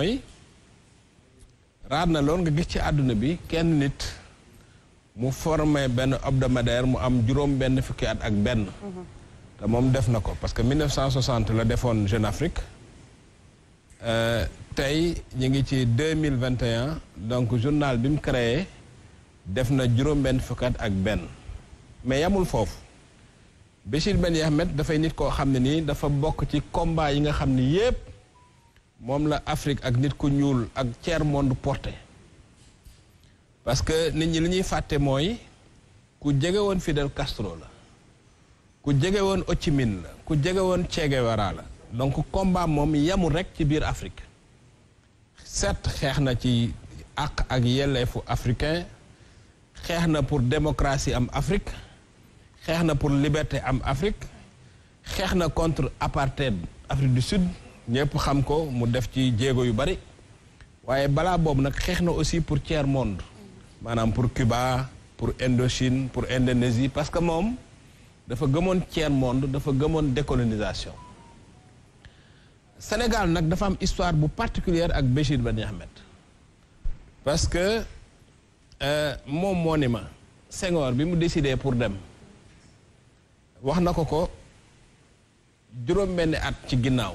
mooy raar na lool nga gis ci àdduna bi kenn nit mu formé benn hebdomadaire mu am juróom benn fukki at ak benn mm-hmm. te moom def na ko parce que 1960 la defoon Jeune Afrique euh, tey ñu ngi ci 2021 donc journal bi mu créé def na juróom benn fukki at ak benn mais yamul foofu Béchir benn Yahmed dafay nit koo xam ne nii dafa bokk ci combat yi nga xam ni yépp Mom la Afrique ak nit ko ñuul ak tiers monde porté parce que nit ñi fait ñuy de ku Fidel Castro la ku jege won Ho la ku Che Guevara la donc combat mom rek Afrique ci ak africain pour démocratie am Afrique pour liberté am Afrique contre na contre apartheid Afrique du Sud ñëpp xam ko mu def ci jéego yu bari waaye balaa boobu nag xeex na aussi pour tiers monde maanaam pour Cuba pour Indochine pour Indonésie parce que moom dafa gëmoon tiers monde dafa gëmoon décolonisation Sénégal nag dafa am histoire bu particulière ak Béchir Bani Ahmed parce que euh, moom moo ni ma Senghor bi mu décidé pour dem wax na ko ko juróom-benni at ci ginnaaw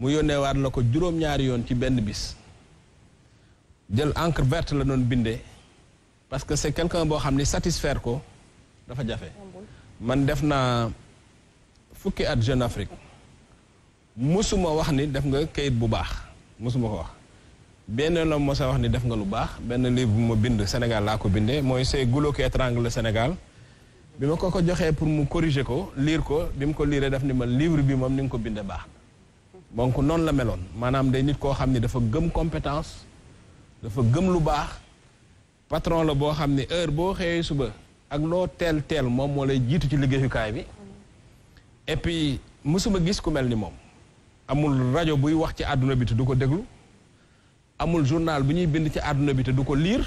mu yónnee waat la ko juróom-ñaari yoon ci benn bis jël encre verte la doon bindee parce que c'est quelqu'un boo xam ni satisfaire ko dafa jafe man def naa fukki at Jeune Afrique musuma wax ni def nga kayit bu baax musuma ko wax benn la mosa wax ni def nga lu baax benn livre bu ma bind Sénégal laa ko bindee mooy c'est goulot qui étrangle Sénégal bi ma ko ko joxee pour mu corriger ko liir ko bi mu ko liiree daf ni ma livre bi moom ni nga ko bindee baax donc noonu la meloon maanaam day nit koo xam ni dafa gëm compétence dafa gëm lu baax patron la boo xam ni heure boo xëyee suba ak loo teel teel moom moo lay jiitu ci liggéeyukaay bi et puis mësuma gis ku mel ni moom amul rajo buy wax ci àdduna bi te du ko déglu amul journal bu ñuy bind ci àdduna bi du ko liir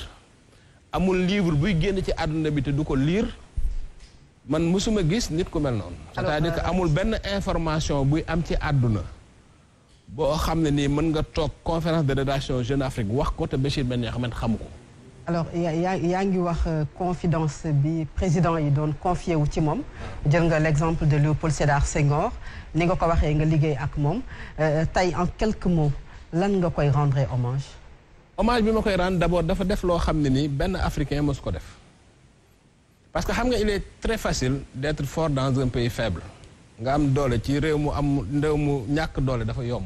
amul livre buy génn ci àdduna bi te du ko liir man mësuma gis nit ku mel noonu c'est-à-dire euh, amul benn information buy am ci àdduna boo xam ne nii mën nga toog conférence de rédaction Jeune Afrique wax ko te Béchir Ben Yahmed xamu ko. alors yaa yaa ngi wax euh, confidence bi président yi doon confié wu ci moom jël nga l'exemple de Léopold Sédar Senghor ni nga ko waxee nga liggéey ak moom euh, tey en quelques mots lan nga koy rendre hommage. hommage bi ma koy rendre d'abord dafa def loo xam ne nii benn africain mosu ko def parce que xam nga il est très facile d'être fort dans un pays faible nga am doole ci réew mu am réew mu ñàkk doole dafa yomb.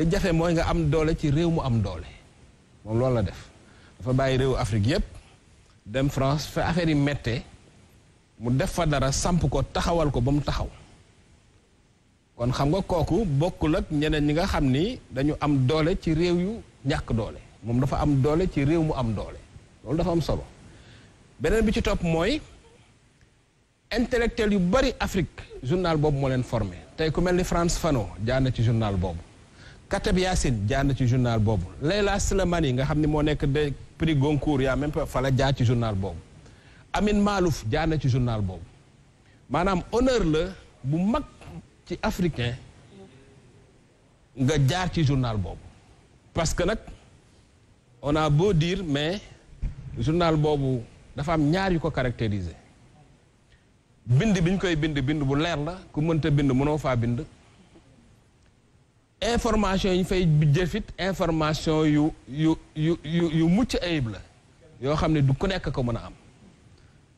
li jafe mooy nga am doole ci réew mu am doole moom loolu la def dafa bàyyi réewu Afrique yépp dem France fa affaire yi méttee mu def fa dara samp ko taxawal ko ba mu taxaw kon xam nga kooku bokkul ak ñeneen ñi nga xam ni dañu am doole ci réew yu ñàkk doole moom dafa am doole ci réew mu am doole loolu dafa am solo beneen bi ci topp mooy intellectuel yu bari Afrique journal boobu moo leen formé tey ku mel ni France fano jaar na ci journal boobu Kateb Yassine jaar ci journal bobu Leila Slimani nga xamni ne nek de prix Goncourt ya même pas fala ci journal Amin Malouf jaar ci journal bobu manam honneur le, bu mag ci africain nga jaar ci journal parce que on a beau dire mais journal de dafa am ñaar yu ko caractériser bind koy bind bind bu leer la ku bind information yi ñu fay jëfit information yu yu yu yu yu mucc ayib la yoo xam ne du ko nekk ko mën a am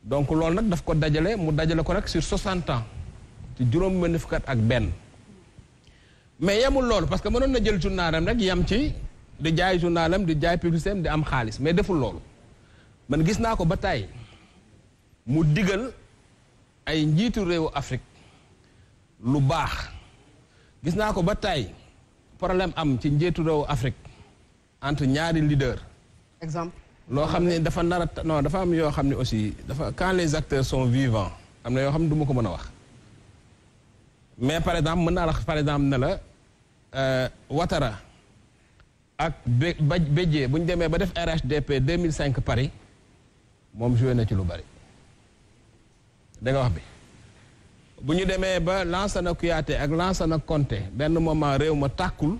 donc loolu nag daf ko dajale mu dajale ko rek sur 60 ans ci juróom benn ak benn mais yemul loolu parce que mënoon na jël journalam rek yem ci di jaay journalam di jaay publicité am di am xaalis mais deful loolu man gis naa ko ba tàyyi mu digal ay njiitu réewu Afrique lu baax gis naa ko ba tàyyi problème am ci njiitu réew Afrique entre ñaari leader exemple loo xam ne dafa nar a non dafa am yoo xam ne aussi dafa quand les acteurs sont vivants am na yoo xam ne du ma ko mën a wax mais par exemple mën naa la par exemple ne la euh, Ouattara ak bé ba Bédié bu ñu demee ba def RHDP 2005 Paris moom joué na ci lu bari da nga wax bi. bu ñu demee ba na cuyate ak Lansana Conté benn moment réew ma tàkkul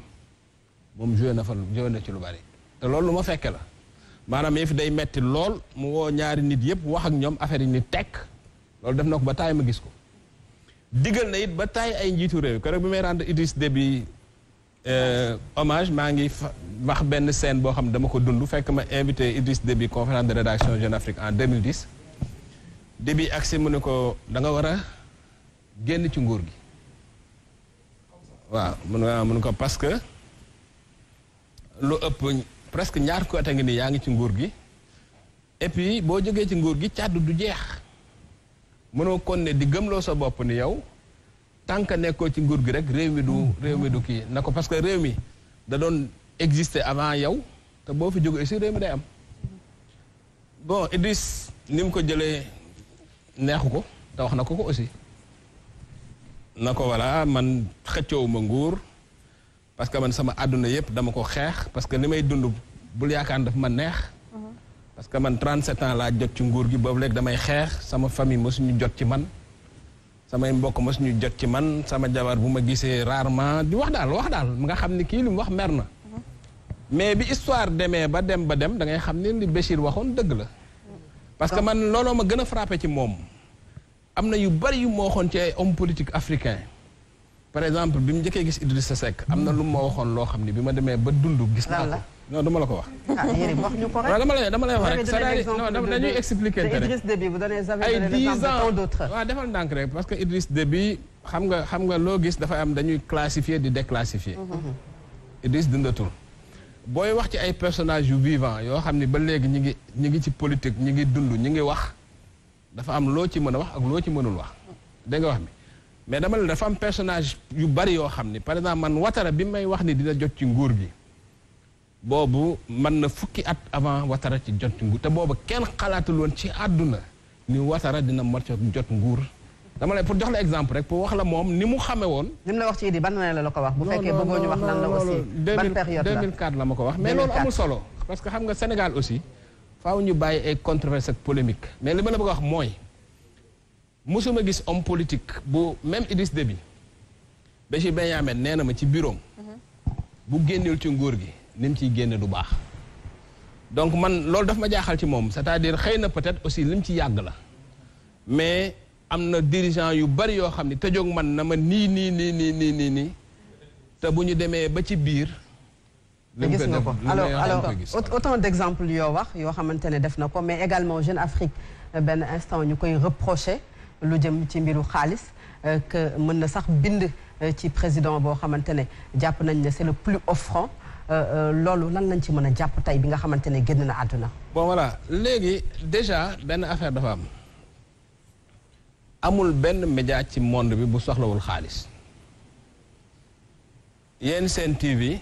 moom joué na fa lu joué na ci lu bari te loolu lu ma fekke la maanaam yëf day metti lool mu woo ñaari nit yëpp wax ak ñoom affaire yi ni tekk loolu def na ko ba taay ma gis ko diggal na it ba taay ay njiitu réew keroog bi may rendre Idriss Déby euh, hommage maa ngi wax benn scène boo xam ne dama ko dund fekk ma invité Idriss Déby conférence de rédaction Jeune Afrique en 2010 Déby agsi mu ne ko da nga war a génn ci nguur gi waaw mun waaw mun ko parce que lu ëpp presque ñaar ko ata ngi ni yaa ngi ci nguur gi et boo jógee ci nguur gi càddu du jeex mënoo kon ne di gëmloo sa bopp ni yow tant que nekkoo ci nguur gi rek réew mi du ki mi na ko parce que réew mi da doon exister avant yow te boo fi jógee si réew mi day am bon Idriss ni mu ko jëlee neexu ko te wax na ko ko aussi nako wala man xëccoowu ma nguur parce que man sama aduna yépp dama ko xeex parce que li may dund bul yaakaar daf ma neex parce que man 37 ans laa jot ci nguur gi boobu léegi damay xeex sama famille mosuñu jot ci man sama mbokk mosuñu jot ci man sama jabar bu ma gisee rarement di wax daal wax daal nga xam ni kii li mu wax mer na mais bi histoire demee ba dem ba dem da ngay xam li Béchir waxoon dëgg la parce que man looloo ma gën frappé ci moom am na yu bari yu ma waxoon ci ay homme politique africain par exemple bi mu njëkkee gis Idrissa Seck am na lu ma waxoon loo xam ne bi ma demee ba dund gis naa ko non dama la ko wax. ah dama lay dama lay wax rek c'est-à-dire dañuy expliquer rek ay dix defal ndànk rek que Idriss Déby xam nga xam nga loo gis dafa am dañuy classifier di déclassifier. Mm-hmm. Mm-hmm. Idriss dundatul. booy wax ci ay personnages yu vivants yoo xam ne ba léegi ñi ngi ñi ngi ci politique ñi ngi dund ñi ngi wax. dafa am loo ci mën a wax ak loo ci mënul wax dégg nga wax mi mais dama ne dafa am personage yu bari yoo xam ni par exemple man watara bi may wax ni dina jot ci nguur gi boobu mën na fukki at avant watara ci jot ci nguur te boobu kenn xalaatul woon ci àdduna ni watara dina mot jot nguur dama lay pour jox la exemple rek pour wax la moom ni mu xame woon. ni mu la wax ci Idi ban année la la ko wax. bu fekkee bëggoo wax lan la aussi. ban période la 2004 la ma ko wax. mais loolu amul solo parce que xam nga Sénégal aussi. faaw ñu bàyyi ay controverse ak polémique mais li ma la bëgg a wax mooy mosuma gis homme politique bu même Idriss Déby Béji Benyamin nee na ma ci bureau mhm. bu génnul ci nguur gi nim ciy génne du baax donc man loolu dafa ma jaaxal ci moom c'est-à-dire xëy na peut-être aussi li ci yàgg la mais am na dirigeant yu bari yoo xam ni tëjoog man na ma nii nii nii nii nii nii nii te bu ñu demee ba ci biir alors alors autant d'exemples il wax a, xamante def na mais également Jeune Afrique ben instant ñu koy reprocher lu jëm ci mbiru euh, que mën na sax bind euh, ci président boo xamante ne nañ ne c'est le plus offrant euh, loolu lan lañ ci mën a jàpp tey bi nga xamante ne na bon voilà léegi déjà ben affaire dafa am amul ben média ci monde bi bu soxlawul xaalis yéen Sen TV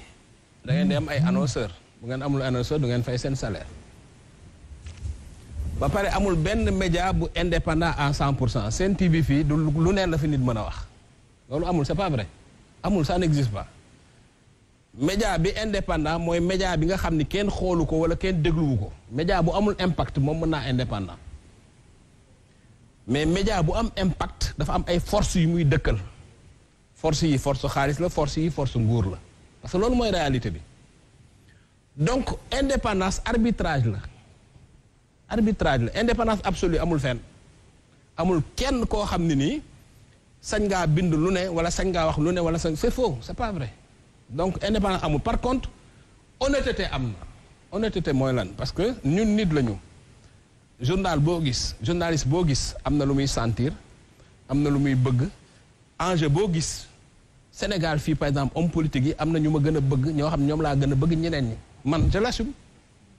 da ngeen am ay annonceur bu ngeen amul annonceur du ngeen fay seen salaire ba pare amul benn média bu indépendant à cent pour cent seen TV fii du lu neen la fi nit mën a wax loolu amul c'est pas vrai amul ça n'existe pas média bi indépendant mooy média bi nga xam ni kenn xoolu ko wala kenn dégluwu ko média bu amul impact moom mën naa indépendant mais média bu am impact dafa am ay force yu muy dëkkal force yi force xaalis la force yi force nguur la parce que loolu mooy réalité bi donc indépendance arbitrage la arbitrage la indépendance absolue amul fenn amul kenn koo xam ne nii sañ ngaa bind lu ne wala sañ ngaa wax lu ne wala c'est faux c'est pas vrai donc indépendance amul par contre honnêteté am na honnêteté mooy lan parce que ñun nit lañu journal boo gis journaliste boo gis am na lu muy sentir am na lu muy bëgg enjeu boo gis Sénégal fi, par exemple homme politique amna am na ñu ma gën bëgg ñoo xam ñom la gëna bëgg ñeneen ñi man je l'assume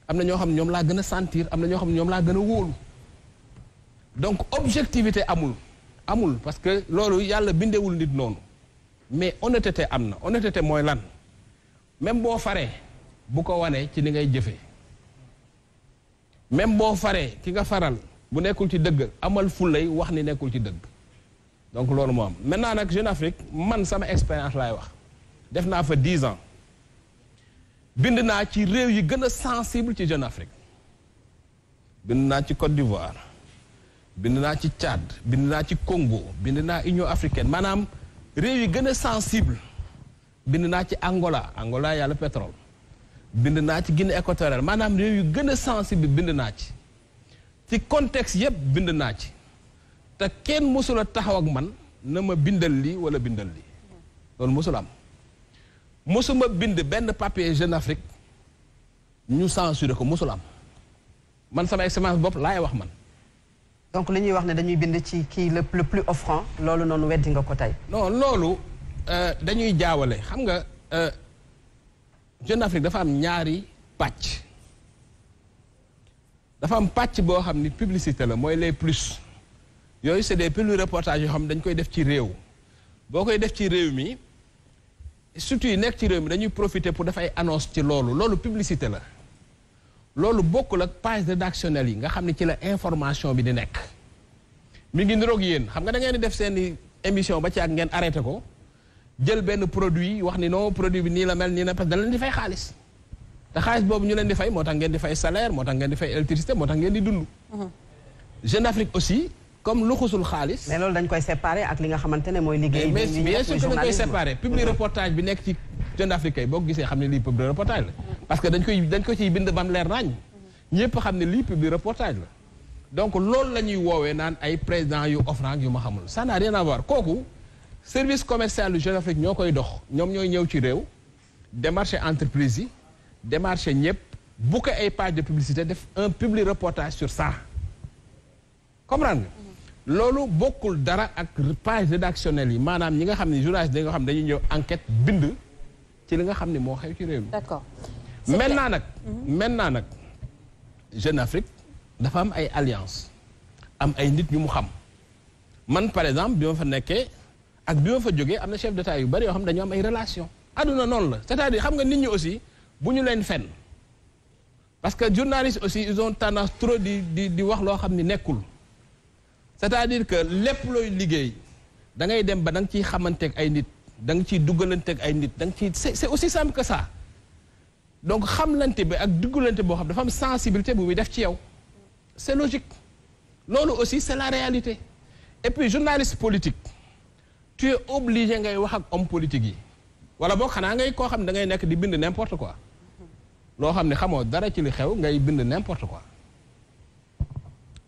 am ñoo xam ñom la gëna sentir amna ñoo xam ñom la gëna wolu donc objectivité amul amul parce que loolu yàlla bindewul nit noonu mais honnêteté am na honnêteté mooy lan même boo faree bu ko wane ci li ngay jëfee même boo faree ki nga faral bu nekkul ci dëgg amal fulay wax ni nekkul ci dëgg donc loolu moo am maintenant nag Jeune Afrique man sama expérience laay wax def naa fa dix ans bind naa ci réew yi gën a sensible ci Jeune Afrique bind naa ci Côte d'Ivoire bind naa ci Tchad bind naa ci Congo bind naa Union africaine maanaam réew yi gën a sensible bind naa ci Angola Angola yàlla pétrole bind naa ci Guinée équatoriale maanaam réew yu gën a sensible bind naa ci ci contexte yëpp bind naa ci. te kenn mësul a taxaw ak man na ma bindal li wala bindal li loolu mësul am mësuma bind benn papier Jeune Afrique ñu censuré ko mësul am man sama expérience bopp laay wax man. donc li ñuy wax ne dañuy bind ci kii le le plus offrant loolu noonu weddi nga ko tey. non loolu euh, dañuy jaawale xam nga euh, Jeune Afrique dafa am ñaari pàcc dafa am pàcc boo xam ni publicité la mooy les plus. yooyu c'est des plus reportages yoo xam dañ koy def ci réew boo koy def ci réew mi surtout yi nekk ci réew mi dañuy profiter pour def ay annonce ci loolu loolu publicité la loolu bokkul ak page rédactionnelle yi nga xam ne ci la information bi di nekk mi ngi niroog yéen xam nga da ngeen di def seen émission ba ci ak ngeen arrêté ko jël benn produit wax ni non produit bi nii la mel nii la parce que da leen di fay xaalis te xaalis boobu ñu leen di fay moo tax ngeen di fay salaire moo tax ngeen di fay électricité moo tax ngeen di dund. Jeune Afrique aussi comme luxusul xaalis. mais loolu dañ koy séparer ak li nga xamante ne mooy liggéey. mais bien sûr que dañ koy séparer Public reportage bi nekk ci jeune Africain, yi boo ko gisee xam ne reportage parce que dañ koy dañ ko ciy bind bam leer nañ ñëpp xam ne lii publi reportage la. donc loolu la ñuy woowee naan ay président yu offrant yu ma xamul ça n'a rien à voir kooku service commercial du jeune Africain, ñoo koy dox ñoom ñooy ñëw ci réew démarche entreprise démarche démarché ñëpp bu ko ay page de publicité def un public reportage sur ça comprendre nga loolu bokul dara ak page rédactionnelle yi maanaam ñi nga xam ne journaliste nga xam dañuy ñëw enquête bind ci li nga xam ne moo xew ci réew mi. d'accord maintenant nag. Mhm. maintenant nag Jeune Afrique dafa am ay alliance am ay nit ñu mu xam man par exemple bi ma fa nekkee ak bi ma fa jógee am na chef d'état yu bari yoo xam ne dañoo am ay relation aduna noonu la c'est-à-dire xam nga nit ñi aussi bu ñu leen fenn parce que journaliste aussi ils ont tendance trop di di di wax loo xam ni nekkul c'est-à-dire que lépp loy liggéey da ngay dem ba da ci ciy ay nit dang ci ciy ay nit dang ci c'est aussi simple que ça donc xamlante bi ak duggalante bo xam dafa am sensibilité bu muy def ci yow c'est logique loolu aussi c'est la réalité et puis journaliste politique tu es obligé ngay wax ak homme politique yi wala boo xanaa ngay koo xam da ngay nekk di bind n'importe quoi loo xam ne xamoo dara ci li xew ngay bind n'importe quoi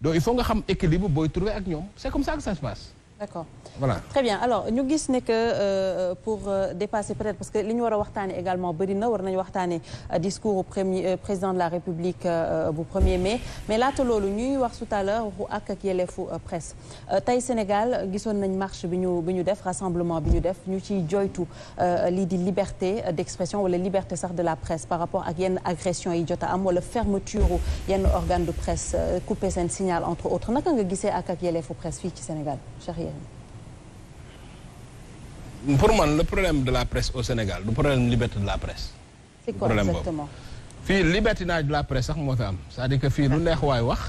donc il faut nga xam équilibre booy trouver ak ñoom c'est comme ça que d'accord voilà très bien alors nous disons que euh, pour euh, dépasser peut-être parce que li ñu également bëri na war nañu euh, discours au premier président de la république 1er mai mais là, laata nous ñuy wax tout à l'heure waxu ak ak yelleefu presse tey Sénégal gisoon nañ marche bi ñu un rassemblement nous avons def ñu ciy joytu lii di liberté d'expression wala liberté de la presse par rapport ak une agression yi fermeture a am wala fermeture un organe de presse couper un signal entre autres naka nga gisee ak ak yelleefu presse au ci Sénégal pour moi, le problème de la presse au Sénégal le problème liberté de la presse. c'est quoi exactement La liberté de la presse c'est-à-dire que pas lu wax.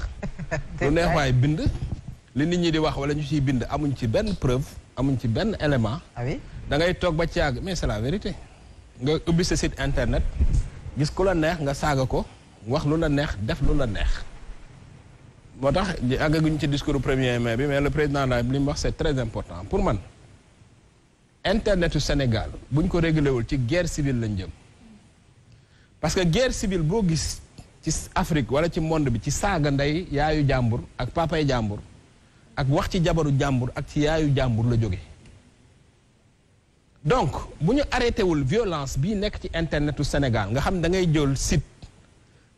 lu pas bind. li di wax wala ñu Nous amuñ ci ben preuve élément. ah oui mais c'est la vérité. nga ce site internet gis la def moo tax àggaguñ ci discours premier mai bi mais le président la wax c'est très important pour man internetu Sénégal buñ ko régulé wul ci guerre civile lañ jëm parce que guerre civile boo gis ci Afrique wala ci monde bi ci saaga nday yaayu jàmbur ak papay jàmbur ak wax ci jabaru jàmbur ak ci yaayu jàmbur la jóge donc bu ñu arrêté wul violence bi nekk ci internetu Sénégal nga xam da ngay jël site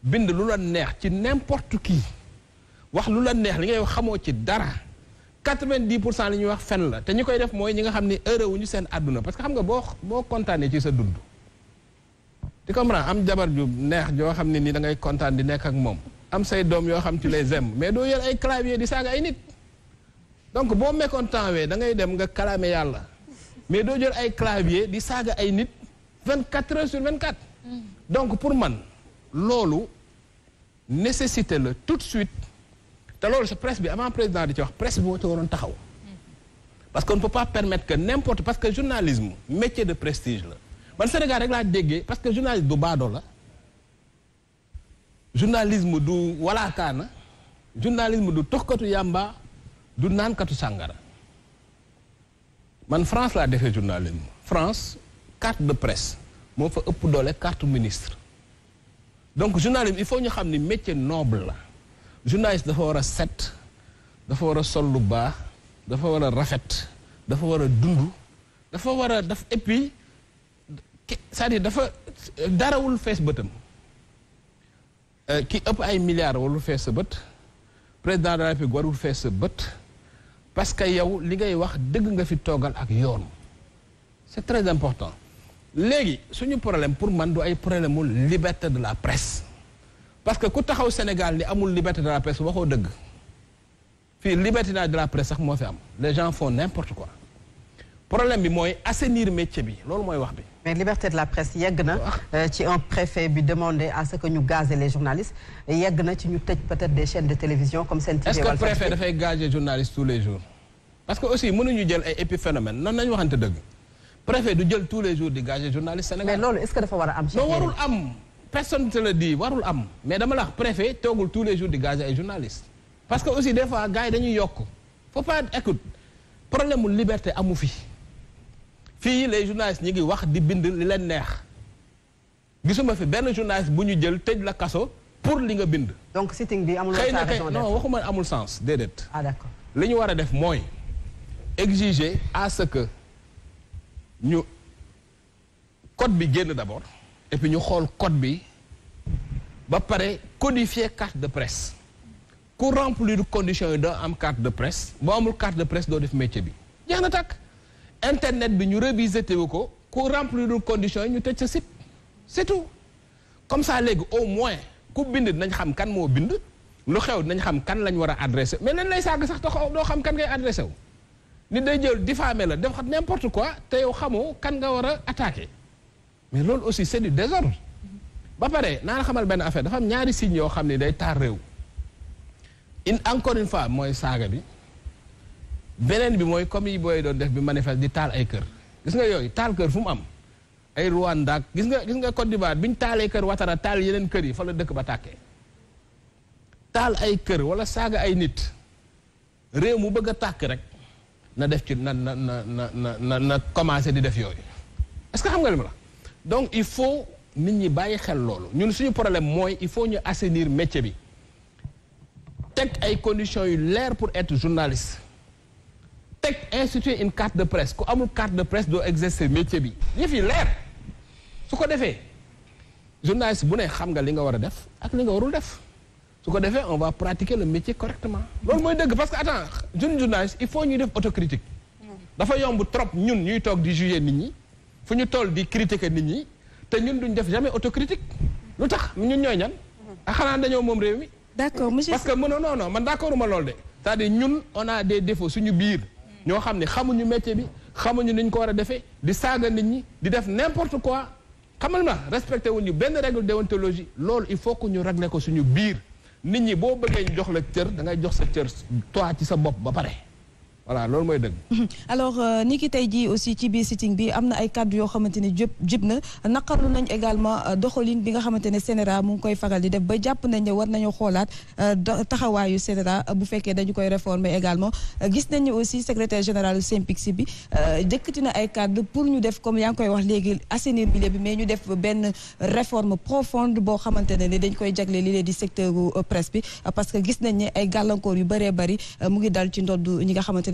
bind lu la neex ci n'importe qui wax lu la neex li ngay dara 90% li wax fen la te koy def parce que xam nga boo boo ci sa di am jabar ju neex ni da ngay di nekk am say mais ay clavier di donc boo mécontent wee da ngay dem nga mais doo jël ay clavier di saaga ay heures sur 24. Mm. donc pour man loolu nécessité tout de suite alors, loolu presse avant le président di presse vous moo ci waroon parce qu'on ne peut pas permettre que n'importe parce que le journalisme métier de prestige la man Sénégal rek l'a dégagé, parce que le journalisme du bado Le journalisme du le journalisme du le Yamba, du naankatu Sangara. man France fait le journalisme France carte de presse Moi, fa ëpp doole carte ministre donc journalisme il faut que c'est un métier noble là journaliste dafa war a set dafa war a sol lu baax dafa war a rafet dafa war a dund dafa war a daf et puis c'est-à-dire dafa darawul fees bëtam euh, ki ëpp ay milliards warul fees sa bët président de la République warul fees sa bët parce que yow li ngay wax dëgg nga fi toogal ak yoon c'est très important léegi suñu problème pour man du ay problème mu liberté de la presse parce que ku au Sénégal ni amul liberté de la presse waxoo liberté de la presse sax moo fi les gens font n'importe quoi problème c'est mooy le métier bi loolu mooy wax bi. mais liberté de la presse yegg na euh, ci un préfet bi demander à ce que nous gazions les journalistes Et na ci ñu peut-être des chaînes de télévision comme Sen est-ce qu'on préfère faire gazer les journalistes tous les jours. parce que aussi nous jël ay épiphénomène nan nañu waxante dëgg préfet du jël tous les jours de gazer journalistes mais non, est-ce que faut avoir un am personne ne te le dit warul am mais dama la préfet, préfet toogul tous les jours de gazer les journalistes parce que aussi des fois gars yi dañuy yok. faut pas écoute problème de liberté à fi Fils les journalistes ñi ngi wax di bind li leen neex fait? fi benn journaliste bu ñu jël de la casse pour li nga bind. donc sitting bi amul. xëy non waxuma amul sens déedéet. ah d'accord li ñu war def exiger à ce que nous, code bi génn d'abord et puis ñu xool code bi ba paré codifier carte de presse ku remplir conditions yi doo am carte de presse bo bah, amul carte de presse do def métier bi jeex tak internet bi ñu réviser tewu ko ku remplir conditions ñu tecc site c'est tout comme ça léegi au moins ku bind nañ xam kan mo bind lu xew nañ xam kan lañ wara adresser mais lañ lay sag sax taxaw do xam kan ngay adresser wu nit day jël diffamé la def n'importe quoi te yow xamoo kan nga war a mais loolu aussi c'est du désordre ba pare naa la xamal benn affaire dafa am ñaari signes yoo xam ne day taal réew in encore une fois mooy saaga bi beneen bi mooy comme yi booy doon def bi manifeste di taal ay kër gis nga yooyu taal kër fu mu am ay Rwanda gis nga gis nga Côte d'Ivoire bi ñu taalee kër Ouattara taal yeneen kër yi fa la dëkk ba tàkkee taal ay kër wala saaga ay nit réew mu bëgg a tàkk rek na def ci na na na na na na commencé di def yooyu est-ce que xam nga li la donc il faut nit ñi bàyyi xel Nous ñun suñu problème moy il faut ñu assainir métier bi tek ay conditions yu leer pour être journaliste tek instituer une carte de presse ku amul carte de presse doit exercer métier bi ñi fi ce su ko journaliste bu ne xam nga li nga wara def ak li nga warul def su ko on va pratiquer le métier correctement lolu moy deug parce que attends jeune journaliste il faut ñu def autocritique dafa yomb trop ñun ñuy tok di juger nit ñi fu ñu toll di critiquer nit ñi te ñun duñ def jamais autocritique lu tax ñun ñooy ñan mhm. a ah, xanaa dañoo moom réew mi d'accord monsieur parce que mënoo non non man d'accord ma loolu de cest ñun on a des défauts suñu biir ñoo xam ni xamuñu métier bi xamuñu niñ ko war a defee di saaga nit ñi di def n'importe quoi xamal na respecté wuñu benn règle déontologie loolu il faut que ñu ne ko suñu biir nit ñi boo bëggee jox la cër da ngay jox sa cër toi ci sa bopp ba pare voilà loolu mooy dëgg. alors euh, ni ki tey ji aussi ci biir sitting bi am na ay kàddu yoo xamante ni jëp jib na naqarlu nañ également euh, doxalin bi nga xamante ne CNRA mu ngi koy fagal di def ba jàpp nañ ne war nañoo xoolaat euh, taxawaayu CNRA bu fekkee dañu koy réformer également gis nañ nañu aussi secrétaire général SYNPICS bi jëkkati na ay kàddu pour ñu def comme yaa ngi koy wax léegi assainir milieu bi mais ñu def benn réforme profonde boo xamante ne ni dañ koy jagle li leen di secteur presse bi parce que gis nañ ne ay gàllankoor yu bëree bëri mu ngi dal ci ndodd ñi nga xamante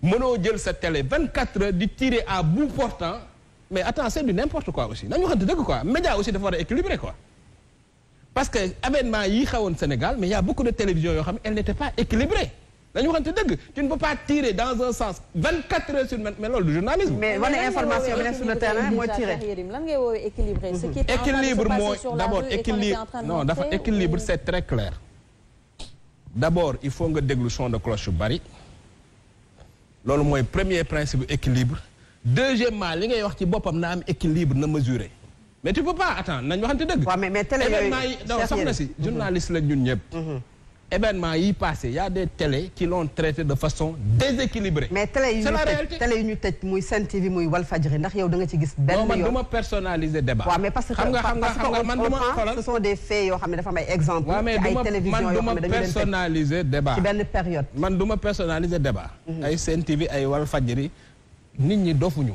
mono jël sa télé 24 heures di tirer à bout portant mais attends c'est du n'importe quoi aussi nañu waxante deug quoi média aussi dafa war équilibré quoi parce que yi Sénégal mais il y a beaucoup de télévisions elles n'étaient elle pas équilibrées. quoi. tu ne peux pas tirer dans un sens 24 heures sur mais lolu du journalisme. mais wane information bi sur le terrain moi tirer. lan ngay est équilibré. ce qui est non équilibre c'est très clair d'abord il faut nga déglu son de cloche bari le moins, premier principe équilibre deuxièmement li ngay wax ci boppam na am équilibre na mesurer mais tu peux pas attends, nañ waxante dëgg. waaw mais mais télé non journaliste la ñun événements yi passé y a des télé qui l'ont traité de façon déséquilibrée. mais télé yi ñu tëj télé yi ñu tëj muy Sen TV muy Walfadjri ndax yow da nga ci gis. belle. yoon non man du ma personnaliser débat. waaw mais parce que xam nga xam nga xam nga man du ma ce sont des faits yo, xam ne dafa am exemple. exemples. ay télévisions yoo man du ma personnaliser débat. ci benn période. man du ma personnaliser débat. Mhm. ay Sen TV Wal Walfadjri nit ñi dofuñu.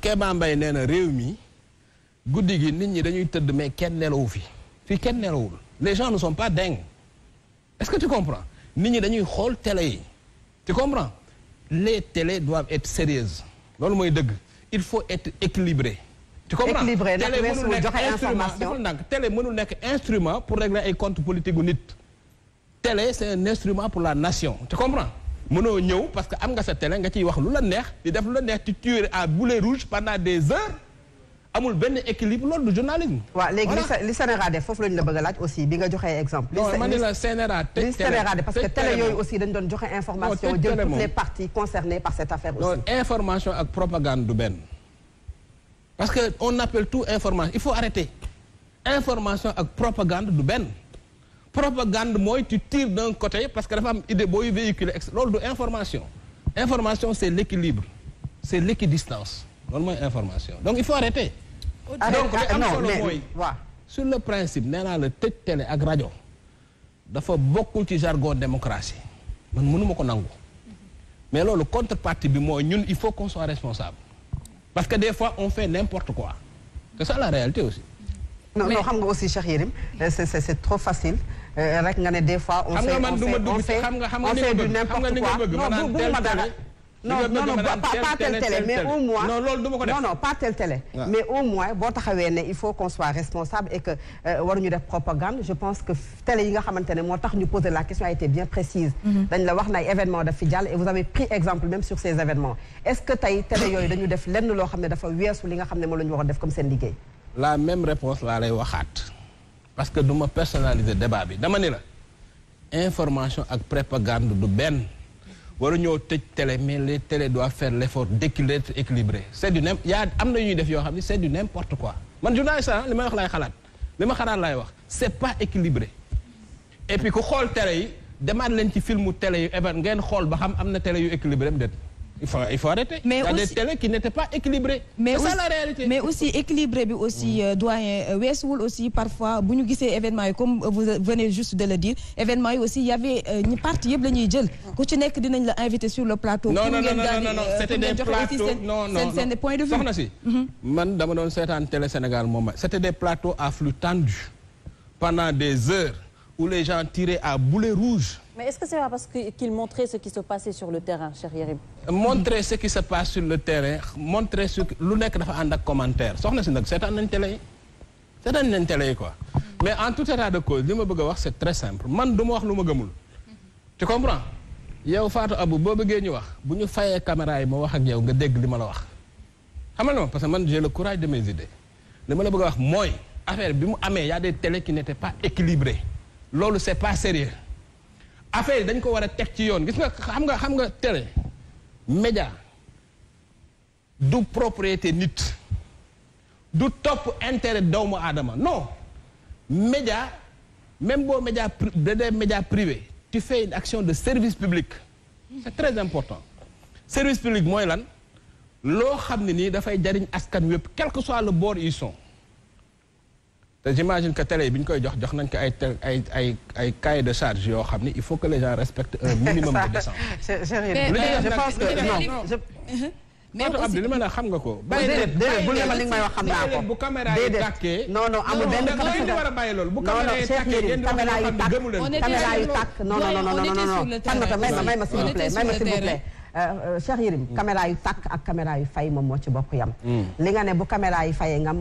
Kéba Mbaye nee na réew mi guddi nit ñi dañuy teud, mais kenn nelawu fi fii kenn les gens ne sont pas dingues est-ce que tu comprends nit ñi télé tu comprends les télés doivent être sérieuses il faut être équilibré tu comprends équilibré télé c'est un instrument pour régler les compte politique ou télé c'est un instrument pour la nation tu comprends mono ñew parce que am nga sa télé nga ci wax lu la neex di def à boulet rouge pendant des heures amul ben équilibre l'ordre du journalisme. wa l'église léegi li faut def foofu lañ la bëgg aussi bi nga un exemple. non man la té parce que télé yoy aussi dañ doon joxé information. de jël toutes les parties concernées par cette affaire aussi. non information ak propagande du ben parce que on appelle tout information il faut arrêter information ak propagande du ben propagande moy tu tires d'un côté parce que dafa am idée boy véhiculer lolu de information. information c'est l'équilibre c'est l'équidistance normalement information donc il faut arrêter. Ah, donc ah, sur le principe nee naa la tëj télé radio. rajo dafa bokkul ci jargon démocratie man mënuma ko nangu mais loolu contrepartie bi mooy ñun il faut qu'on soit responsable parce que des fois on fait n'importe quoi c'est ça la réalité aussi non non xam nga aussi Cheikh Yérim euh, c'est c'est trop facile euh, rek nga des fois on fait on fait on fait du n'importe quoi non bu ma dara non non non pas tel télé mais au moins non non pas tel télé mais au moins il faut qu'on soit responsable et que nous euh, def propagande je pense que télé yi nga xamante Moi, ñu poser la question a été bien précise mhm. dañ la wax événement de fi et vous avez pris exemple même sur ces événements est-ce que tu télé yooyu dañu def lenn loo de ne dafa weesu li nga xam ne moo la comme seen la même réponse la lay parce que nous ma personnaliser débat bi dama ni la information ak propagande du Ben waruñoo tëj télé mais les télé doit faire l'effort d'être équilibré c'est du il y a amna ñuy def yo xamni c'est du n'importe quoi man journaliste ah li may wax lay xalat li ma lay wax c'est pas équilibré et puis ko xol télé yi demaat len ci film télé yu ever ngeen xol ba xam amna télé yu équilibré dem déet il faut, arrêter. Mais il y a aussi, des télés qui n'étaient pas équilibrés. C'est ça la réalité. Mais aussi équilibré, aussi, euh, doyen, euh, Westwood aussi, parfois, vous nous événement, comme vous venez juste de le dire, événement aussi, il y avait une partie, Quand qui n'es que invité sur le plateau. Non, non, non, euh, non, non, c'était des plateaux. Non, non, C'est des points de vue. Mhm. Man, télé Sénégal, c'était des plateaux à flux tendu pendant des heures où les gens tiraient à boulet rouge mais est-ce que c'est parce qu'il montrait ce qui se passait sur le terrain, cher Yérim Montrer ce qui se passe sur le terrain, montrer ce que... L'on dafa fait en commentaire. c'est un nak C'est un télé. c'est télé quoi. Mais en tout état de cause, c'est très simple. Man duma wax luma gëmul. Tu comprends yow Fatou Abou boo bëggee ñu wax bu ñu fayee caméra yi ma wax ak yow nga dégg la parce que man j'ai le courage de mes idées Je ne la bëgg wax affaire bimu y a des télés qui n'étaient pas équilibrées ce n'est pas sérieux affaire yi dañ ko war a teg ci yoon gis nga xam nga xam nga télé média du propriété nit du top intérêt doomu aadama non média même boo média des médias privés. tu fais une action de service public c'est très important service public mooy lan loo xam ne nii dafay jariñ askan wépp quel que soit le bord ils sont j'imagine que tel de il faut que les gens respectent un minimum de décence. non non non euh, Cheikh yirim mm. caméra yu tak ak caméra yu fay moom moo ci bokk yam mm. li nga ne bu caméra yu fayee nga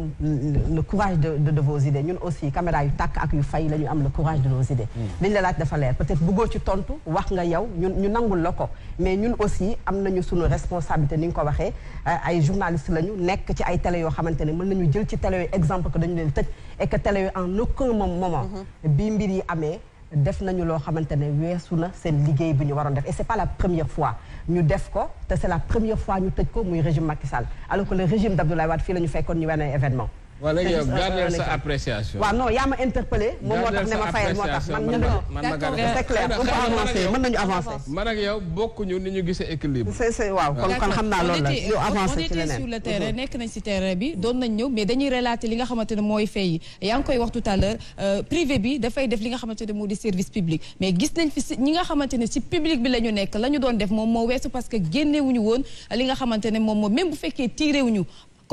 le courage de de de vos idées ñun aussi caméra yu tak ak yu fay lañu am le courage de nos idées mm. liñ la laaj dafa leer peut-être bu go ci tontu wax nga yow ñun ñu nangul lako mais ñun aussi am nañu suñu responsabilité ni nga ko waxee euh, ay journaliste lañu nekk ci ay télé yo xamante ne mën nañu jël ci télé yooyu exemple que dañu leen tej et que télé yooyu en aucun moment mm-hmm. bi mbir yi amé def nañu lo xamantene wessuna sen liguey seen bi ñu waron def et c'est pas la première fois nous devons, c'est la première fois que nous ko le régime Macky alors que le régime d'Abdoulaye Wade nous fait un événement wala yow gardeel sa yaa ma interpellé. moom moo tax ne ma fayal moo tax man man ma gardeel avancer mën nañu avancer. man ak yow bokkuñu ni ñu gisee équilibre. c'est c'est waaw kon kon xam naa loolu la ñu avancer ci mhm. nekk nañ si terrain bi doon nañ ñëw mais dañuy relater li nga xamante ne mooy yaa ngi koy wax tout à l'heure euh, privé dafay def li nga xamante ne moo di service public mais gis nañ fi si ñi nga xamante ne si public bi la ñu nekk la ñu doon def moom moo weesu parce que génnewuñu woon li nga xamante ne moom moo même bu fekkee tiirewuñu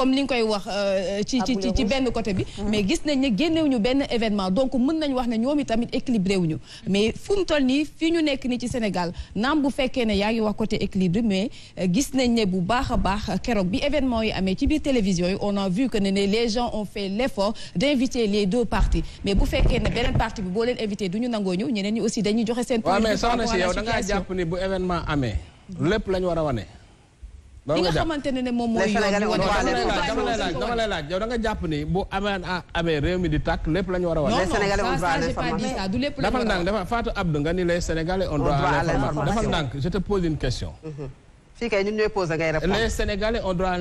comme li ngui wax euh, ci ci ci benn côté bi mm-hmm. mais gis nañ ne génnewuñu benn événement donc mën nañ wax né ñoom tamit équilibré wuñu mais fu mu toll nii fii ñu nekk ni ci Sénégal nam bu féké né yaa wax côté équilibre mais euh, gis nañ né bu baaxa baax kérok bi événement yi amé ci biir télévision yi on a vu que né les gens ont fait l'effort d'inviter les deux parties mais bu féké né benen partie bi bo leen invité du ñu ñeneen ñi aussi dañuy joxe seen waaw mais na ci yow da nga japp ni bu événement amé lepp lañ wara a wane li nga xamante ne ne moom mooy yoon dama lay laaj dama lay laaj yow da nga jàpp ni boo amee amee réew mi di tàkk lépp la ñu war a wax. les sénégalais ont droit à l'information du lépp la ñu a wax. dafal dafa nga ni les sénégalais ont droit à l'information dafal ndànk je ngay mhm. répondre. les sénégalais ont droit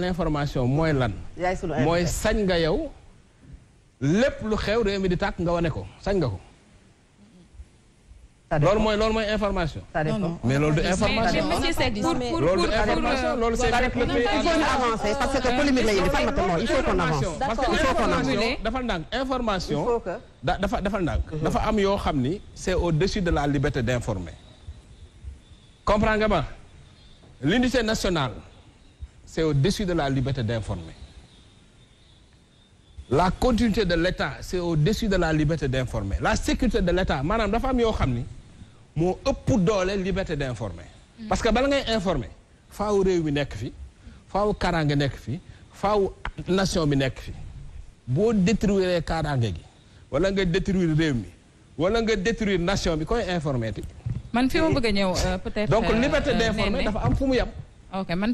mooy lan. yaay sunu mooy sañ nga yow lépp lu xew réew mi di tàkk nga wane ko sañ nga ko. loolu mooy loolu mooy information. mais loolu du information. pour du information loolu c'est il faut avancer parce que polémique la indi fan la il faut qu'on avance. parce que information dafa ndànk information. da dafa dafa ndànk. Mhm. dafa am yoo xam c'est au-dessus de la liberté d'informer. comprends nga ma l'unité nationale c'est au-dessus de la liberté d'informer. la continuité de l'État c'est au-dessus de la liberté d'informer la sécurité de l'État maanaam dafa am yoo xam ni. moo ëpp doole liberté d'informer parce que bala ngay informer faaw réew mi nekk fi faaw karaange nekk fi faaw nation bi nekk fi boo détruire kaaraange gi wala nga détruire réew mi wala nga détruire nation bi koy informer ti man fi ma bëgg a ñëw euh, peut-être donc euh, liberté euh, d'informer dafa am fu mu yem ok man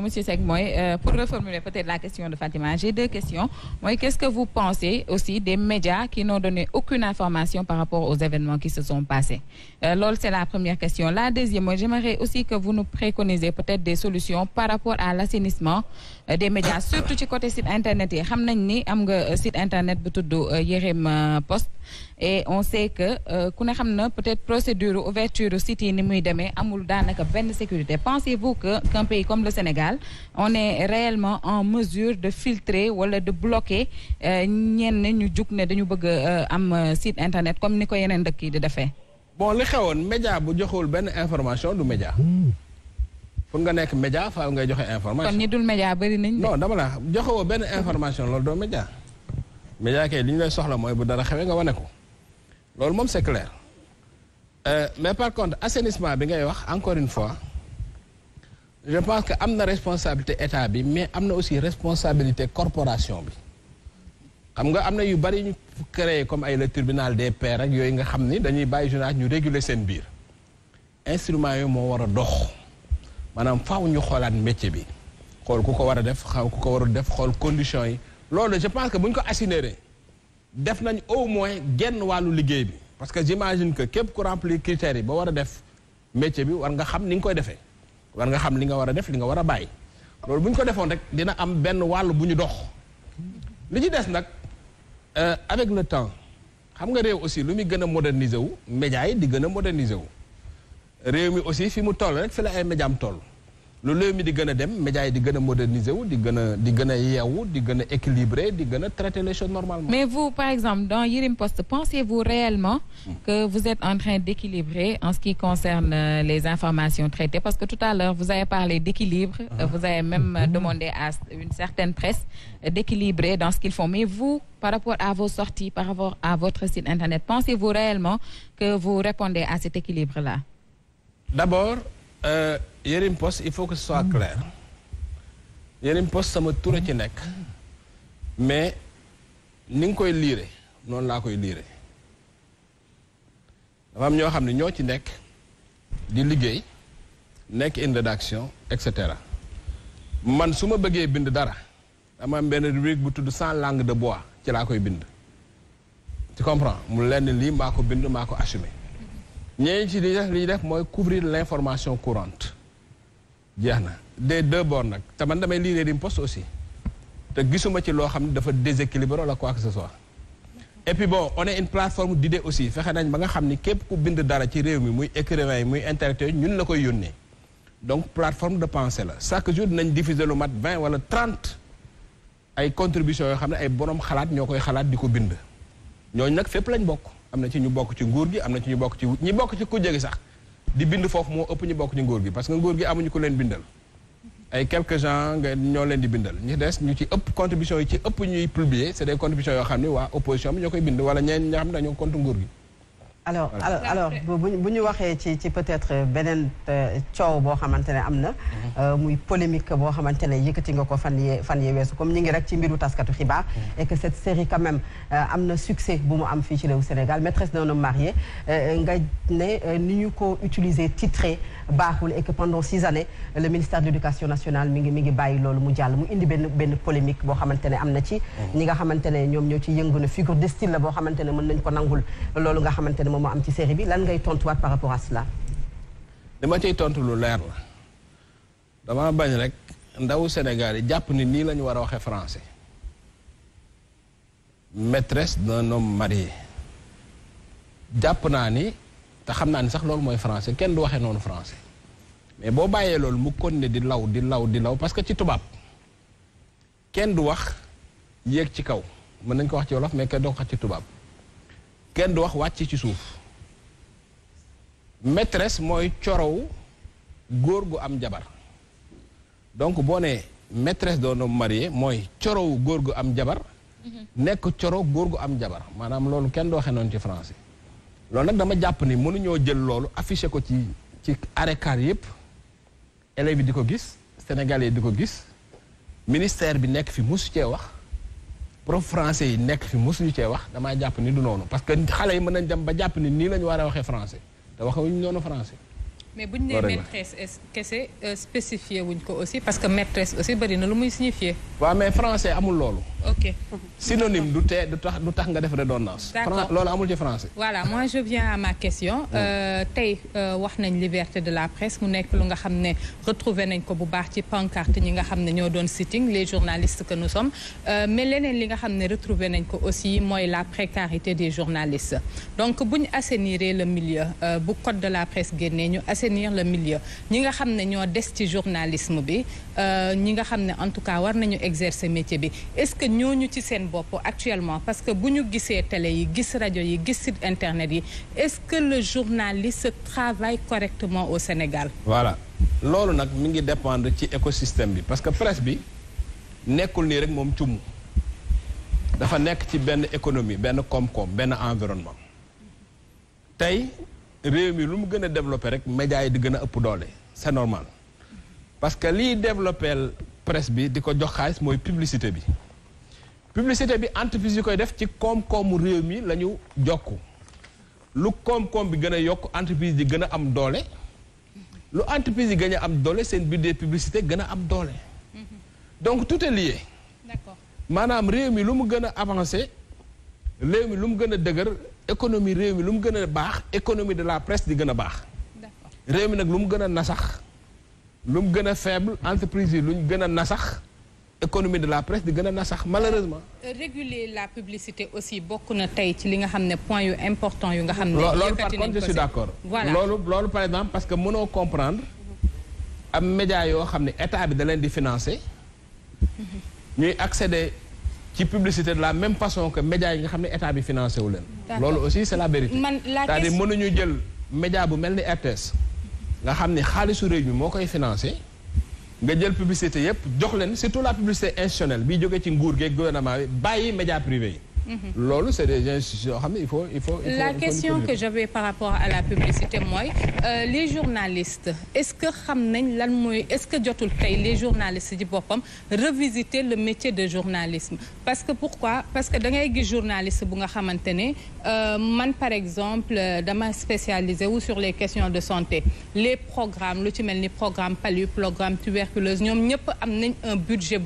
monsieur Segmoy, euh, pour reformuler peut-être la question de Fatima j'ai deux questions Moi, qu'est-ce que vous pensez aussi des médias qui n'ont donné aucune information par rapport aux événements qui se sont passés euh, c'est la première question la deuxième moi, j'aimerais aussi que vous nous préconisez peut-être des solutions par rapport à l'assainissement euh, des médias surtout ci côté site internet yi xam ni am nga euh, site internet bu tudd euh, Yérim Post et on sait que ku a peut-être procédure ouverture site ni muy demee amul daanaka ben sécurité pensez-vous que qu'un pays comme le Sénégal on est réellement en mesure de filtrer ou de bloquer ñenn ñu juk ne dañu bëgg am site internet comme ni ko yeneen Bon, yi di bon les médias média bu bonne Ben, information du média hmm pour nga nek média faaw nga joxe information. kon ni dul média bari nañ. non dama la joxe wo ben information loolu do média. média kay liñ lay soxla moy bu dara xewee nga wane ko loolu mom c'est clair euh, mais par contre assainissement bi ngay wax encore une fois je pense que amna responsabilité état bi mais amna aussi responsabilité corporation bi. xam nga amna yu bari ñu créé comme ay le tribunal des pairs ak yoy nga xamni dañuy bàyyi journal ñu réguler sen biir instrument yo mo wara dox. maanaam faw ñu xoolaat métier bi xool ku ko war a def xaw ku ko warul def xool condition yi loolu je pense que bu ñu ko assinéré def nañ au moins genn wàllu liggéey bi parce que j'imagine que képp ku remplir critères yi ba war a def métier bi war nga xam ni nga koy defee war nga xam li nga war a def li nga war a bàyyi loolu bu ñu ko defoon rek dina am benn wàll bu ñu dox li ci des nag euh, avec le temps xam nga réew aussi lu muy gën a moderniser wu médias yi di a moderniser wu Réumi aussi fi la ay normalement. mais vous par exemple dans Yerim Poste, pensez-vous réellement. que vous êtes en train d'équilibrer en ce qui concerne euh, les informations traitées parce que tout à l'heure vous avez parlé d'équilibre. Ah. Euh, vous avez même euh, mm-hmm. demandé à une certaine presse d'équilibrer dans ce qu'ils font mais vous. par rapport à vos sorties par rapport à votre site internet pensez-vous réellement que vous répondez à cet équilibre là. d'abord euh, Yérim Post il faut que ce soit clair Yérim sama tur a ci nekk mais ni nga koy liire noonu laa koy liire dafa am ñoo xam ne ñoo ci nekk di liggéey nekk une rédaction et cetera man su ma bëggee bind dara dama benn rubrique bu tudd sans langue de bois ci laa koy bind tu comprends mu lenn lii maa ko bind maa ko assumé ñeneen ci li def li def mooy couvrir l' information courante jeex na des deux bords nag te man damay lire post aussi te gisuma ci loo xam ne dafa déséquilibré wala quoi que ce soit et puis bon on est une plateforme d'idées aussi fexe nañ ba nga xam ni képp ku bind dara ci réew mi muy écrivain yi muy intellectuel ñun la koy yónnee donc plateforme de pensée la chaque jour nañ diffuser lu mat vingt wala trente ay contributions yoo xam ne ay borom xalaat ñoo koy xalaat di ko bind ñooñu nag fépp lañ bokk. am na ci ñu bokk ci nguur gi am na ci ñu bokk ci ñi bokk ci ku jege sax di bind foofu moo ëpp ñu bokk ci nguur gi parce que nguur gi amuñu ko leen bindal ay quelques gens ñoo leen di bindal ñi des ñu ci ëpp contribution yi ci ëpp ñuy publier c'est des contributions yoo xam ne waa opposition bi ñoo koy bind wala ñeen ñoo xam ne dañoo compte nguur gi alors alors alors bu ci ci peut-être euh, beneen euh, coow bo xamantene amna am mhm. euh, muy polémique bo xamantene yëkëti nga ko fan yee fan yee weesu comme ñu ngi rek ci mbiru taskatu xibaar. Mhm. et que cette série quand même amna succès bu mu am fi ci réew Sénégal maîtresse d'un homme marié nga ne ni ñu ko utiliser titré baaxul et que pendant six années le ministère de l'éducation nationale mi ngi mi ngi bàyyi loolu mu jall mu indi ben ben polémique bo xamantene amna ci. Mhm. ñi nga xamantene ñom ñoo ci yëngu na figure de style la boo xamante mën nañ ko nangul loolu nga xamantene moment am ci série bi lan ngay wat par rapport à cela. dama cay tontu lu leer la dama bañ rek ndaw Sénégal yi japp ni ni lañ wara waxe a français maîtresse d'un homme marié japp na ni ta xamna ni sax lool moy français kenn du waxe non français mais bo baye lool mu konné di law di law di law parce que ci tubaab kenn du wax yek ci kaw mën nañ ko wax ci wolof mais kenn do wax ci tubaab. kenn du wax wàcc ci suuf maîtresse mooy corowu góor gu am jabar donc boo nee maîtresse d'un homme marié mooy corowu góor gu am jabar nekk corow góor gu am jabar maanaam loolu kenn du waxee noonu ci français loolu nag dama jàpp ni mënuñoo jël loolu affiché ko ci ci arrêt car yëpp élèves di ko gis sénégalais yi di ko gis ministère bi nekk fi musu cee wax prof français yi nekk fi mosuñu cee wax damaa jàpp ni du noonu parce que xale yi mën nañ dem ba jàpp ni nii la ñu war a waxee français te waxewuñu noonu français. mais bu ñu nee maîtresse kese euh, spécifié wuñ ko aussi parce que maîtresse aussi bari na lu muy signifié. waaw mais français amul loolu. synonyme du tee du tax nga def redondance. d'accord loolu amul ci français. voilà moi je viens à ma question. Euh, tey euh, wax nañ liberté de la presse mu nekk lu nga xam ne retrouver nañ ko bu baax ci pancarte ñi nga xam sitting les journalistes que nous sommes euh, mais leneen li nga retrouver nañ ko aussi mooy la précarité des journalistes donc bu ñu assainir le milieu bu code de la presse génnee assainir le milieu nous nga xam ñoo des journalisme bi. Euh, ñi nga xam ne en tout cas war nañu exercer métier bi est-ce que ñooñu ci seen bopp actuellement parce que bu ñu gisee télé yi gis rajo yi gis site internet yi est-ce que le journaliste travaille correctement au Sénégal. voilà loolu nag mi ngi dépendre ci écosystème bi parce que presse bi nekkul ni rek moom cumm dafa nekk ci benn économie benn koom-koom benn environnement tey réew mi lu mu gën a développé rek média yi di gën a ëpp doole c'est normal parce que li développé presse bi diko jox xaalis moy publicité bi publicité bi entreprise yi koy def ci kom koomu réew mi la ñu lu kom kom bi gëna yok entreprise yi gëna am doole lu entreprise yi gëna am doole seen budget publicité gëna am doole donc tout est lié maanaam réew mi lu mu gëna avancer avancé réew mi lu mu gëna a dëgër économie réew mi lu mu gëna a baax économie de la presse di gëna a baax réew mi nag lu mu gëna nasax L'homme est faible entreprise est lu ñu économie de la presse di gën malheureusement. réguler la publicité aussi beaucoup na tey ci li nga point important yu nga par contre je suis d'accord. voilà par exemple parce que mënoo comprendre am média yoo xam ne état bi da di financer ñuy accéder ci publicité de la même façon que média yi nga xam ne état bi financé wu aussi c'est la vérité. c'est-à-dire mënuñu jël média bu mel ni RTS nga xam ne xaalisu réew mi moo koy financé nga jël publicité yëpp jox leen surtout la publicité institutionnelle bi jógee ci nguur geeg gouvernement bi bàyyi média privé yi Mhm. il faut la question que j'avais par rapport à la publicité moi euh, les journalistes est ce que est ce que les journalistes disent revisiter le métier de journalisme parce que pourquoi parce que dans les journalistes euh, man par exemple euh, dama spécialisé ou sur les questions de santé les programmes le ci les programme palu programme tuberculose nous ñëpp un budget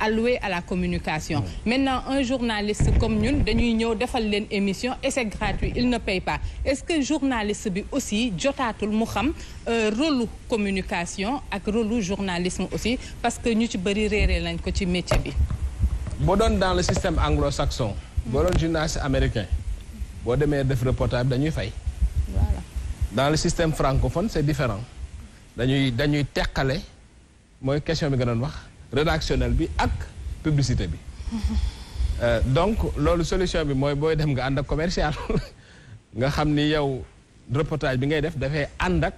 alloué à la communication maintenant un journaliste comme nous, dañuy ñëw une émission et c'est gratuit ils ne payent pas est-ce que journaliste bi aussi Jotatul mu xam euh, rôle communication et rôle journalisme aussi parce que nous ci bëri réeree métier bi. dans le système anglo-saxon. boo le journaliste américain bon demee def reportage dañuy fay. dans le système francophone c'est différent dañuy dañuy teqale mooy question bi nga wax rédactionnel bi ak publicité bi. Euh, donc loolu solution bi mooy booy dem nga ànd ak commercial nga xam ni yow reportage bi ngay def dafay ànd ak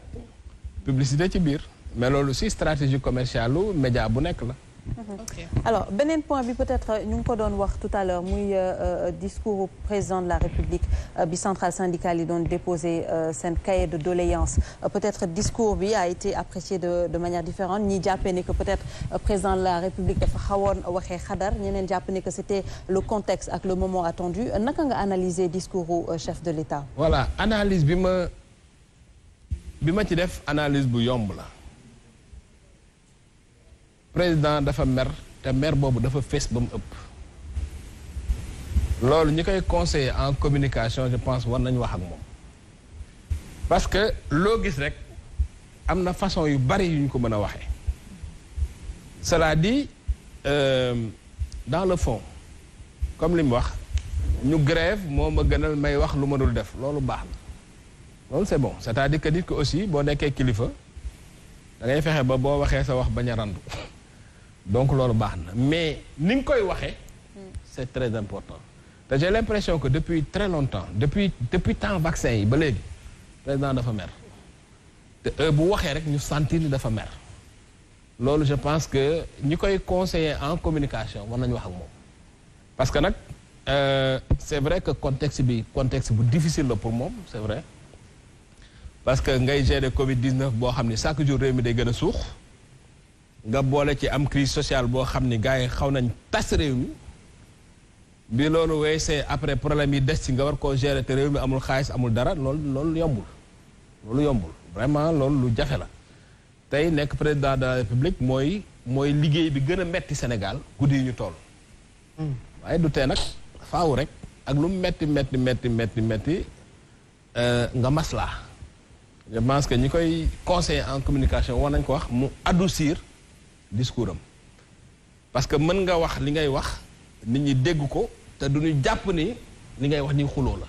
publicité ci biir mais loolu si stratégie commerciale lu média bu nekk la Alors, alors benen point peut-être euh, nous pouvons ko voir tout à l'heure muy euh, euh, discours au président de la République bicentrale syndicale et donc déposé cette cahier de doléances peut-être discours a été apprécié de manière différente ñi peut que peut-être président de la République a xawoon un xadar que c'était le contexte avec le moment attendu naka nga analyser discours au chef de l'État voilà analyse bi ma bi analyse bu président dafa mer te mer boobu dafa fees ba mu ëpp loolu ñi koy conseiller en communication je pense war nañ wax ak moom parce que loo gis rek am na façon yu bari yu ñu ko mën a waxee cela dit euh, dans le fond comme li mu wax ñu grève moo ma gënal may wax lu ma dul def loolu baax na loolu c'est bon c'est-à-dire que dit que aussi boo nekkee kilifa da ngay fexe ba boo waxee sa wax bañ a randu donc c'est mais ni c'est très important j'ai l'impression que depuis très longtemps depuis depuis temps vaccin il ba de président de mer te bu waxee rek ñu sentir ni dafa je pense que nous, koy conseiller en communication parce que euh, c'est vrai que contexte contexte est difficile pour moi, c'est vrai parce que ngay le Covid 19 le Covid 19, chaque jour réew day nga boole ci am crise sociale boo xam ni gaa yi xaw nañ tas réew mi bi loolu weesee après problème yi des ci nga war koo gérer te réew mi amul xaalis amul dara loolu loolu yombul loolu yombul vraiment loolu lu jafe la tey nekk président de la république mooy mooy liggéey bi gën a metti Sénégal guddi yi ñu toll hmm. waaye du tee nag faaw rek ak lu metti metti metti metti metti euh, nga masla je que ñi koy conseil en communication war nañ ko wax mu adoucir discours parce que mën nga wax li ngay wax nit ñi dégg ko te du ñu jàpp ni ngay wax ni xuloo la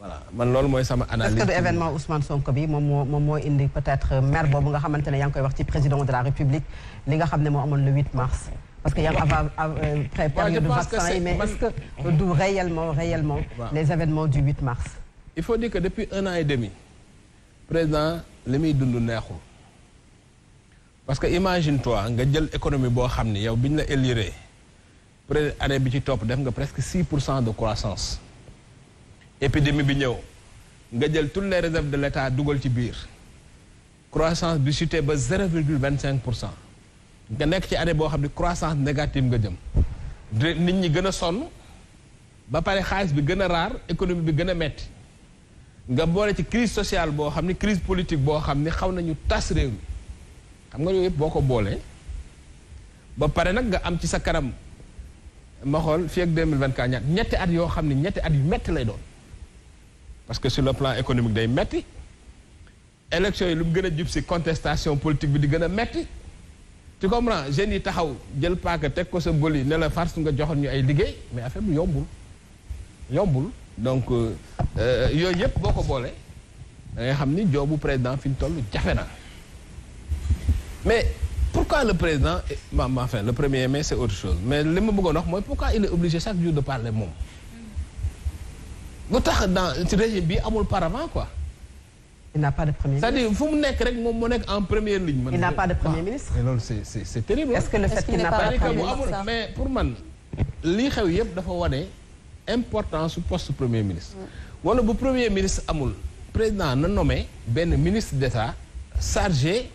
voilà man loolu mooy sama analyse. est-ce que l'événement Ousmane Sonko bi peut-être euh, mer boobu nga xamante ne yaa koy président de la République li nga xam ne le 8 mars. parce qu'il y' a une euh, période de vaccin mais est-ce que du réellement réellement. les événements du 8 mars. il faut dire que depuis un an et demi président li muy pas neexul parce que imagine toi nga jël économie boo xam ni yow bi la éliré près année bi ci presque 6 de croissance épidémie bi ñëw nga jël toutes les réserves de l'État à dugal ci biir croissance bi chute ba 0,25 pour cent nga nekk ci année croissance négative nga jëm nit ñi gën sonn ba pare xaalis bi gën a raar économie bi gën a metti nga boole ci crise sociale boo xam ni crise politique boo xam ni xaw nañu tas réew mi xam nga yooyu yëpp boo ko boolee ba pare nag nga am ci sa kanam ma xool fii ak 2024 ñaat ñetti at yoo xam ne ñetti at yu metti lay doon parce que sur le plan économique day metti élection yi lu mu gën a jub si contestation politique bi di gën a metti ci comprends jeunes yi taxaw jël paaka teg ko sa bëli ne la farce nga joxoon ñu ay liggéey mais affaire bi yombul yombul donc euh, euh, yooyu yëpp boo ko boolee da xam ni joobu président fi ñu toll jafe na mais pourquoi le président enfin le premier mai c'est autre chose mais le pourquoi il est obligé chaque jour de parler de moi dans régime bi amul quoi il n'a pas de premier ministre c'est-à-dire vous vous, nekk en première ligne il n'a pas de premier ah. ministre c'est terrible hein. est-ce que le fait qu'il n'a pas de premier ministre mais pour moi, ce xew est dafa wane importance poste premier ministre wala le premier ministre le président a nommé un ministre d'État chargé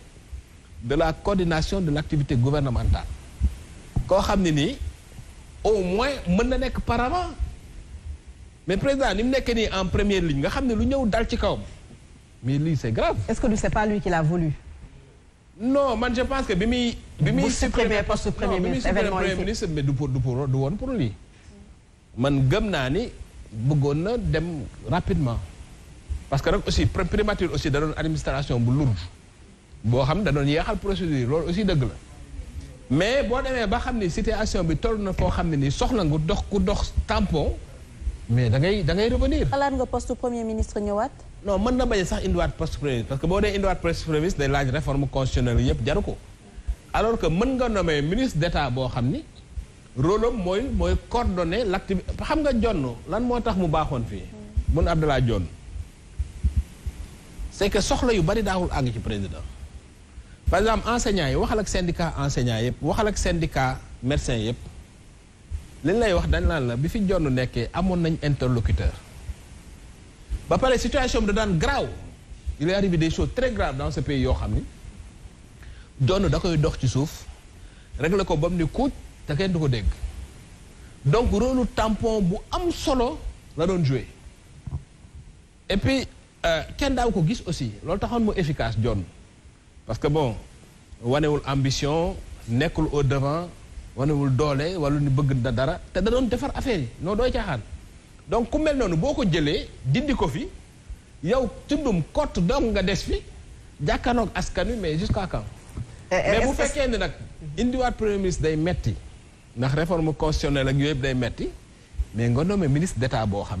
de la coordination de l'activité gouvernementale Ko xamni ni au moins mën na paravant, par mais président ni mu ni en première ligne nga xamni ne lu ñew dal ci kawam mais c'est grave. est-ce que ce n'est pas lui qui l'a voulu. non man je pense que bi vous bi muy supprimer poste premier ministre événement premier ministre mais du pour du pour du woon pour man gëm ni dem rapidement parce que rek aussi primature aussi da une administration bu lourde boo xam da doon yeexal procédure loolu aussi dëgg la mais boo demee ba xam ni situation bi toll na foo xam ne ni soxla nga dox ku dox tampon mais da ngay da ngay revenir. xalaat nga poste premier ministre ñëwaat. non mën na bañ sax indiwaat poste premier parce que boo dee indiwaat poste premier ministre day laaj réforme constitutionnelle yëpp jaru ko alors que mën nga nommer ministre d'État, état boo rôle am mooy mooy coordonner l' activité xam nga jonn lan moo tax mu baaxoon fii. Hmm. mun Abdallah Jonn c' que soxla yu bari daawul àgg ci président par exemple enseignants yi waxal ak syndicat enseignants yëpp waxal ak syndicat médecins yëpp liñ lay wax dañ naan la bi fi jonn nekkee amoon nañ interlocuteur ba pare situation bi daan grave il est arrivé des choses très graves dans ce pays yoo xam ni jonn da koy dox ci suuf la ko ba mu ni kuuc te kenn du ko dégg donc rôle tampon bu am solo la doon joué et puis euh, kenn daaw ko gis aussi loolu taxoon mu efficace jonn parce que bon wanewul ambition nekkul au devant wanewul doole wala ni bëgg na dara te da doon defar affaire yi non dooy caaxaan donc ku mel noonu boo ko jëlee dindi ko fi yow tuddum kott dong nga des fi jàkkaarloog askan wi mais jusqu'à quand eh, eh, mais bu fekkee ni nag indiwaat premier ministre day metti ndax réforme constitutionnelle ak yooyu yëpp day metti mais nga nommé ministre d'état boo xam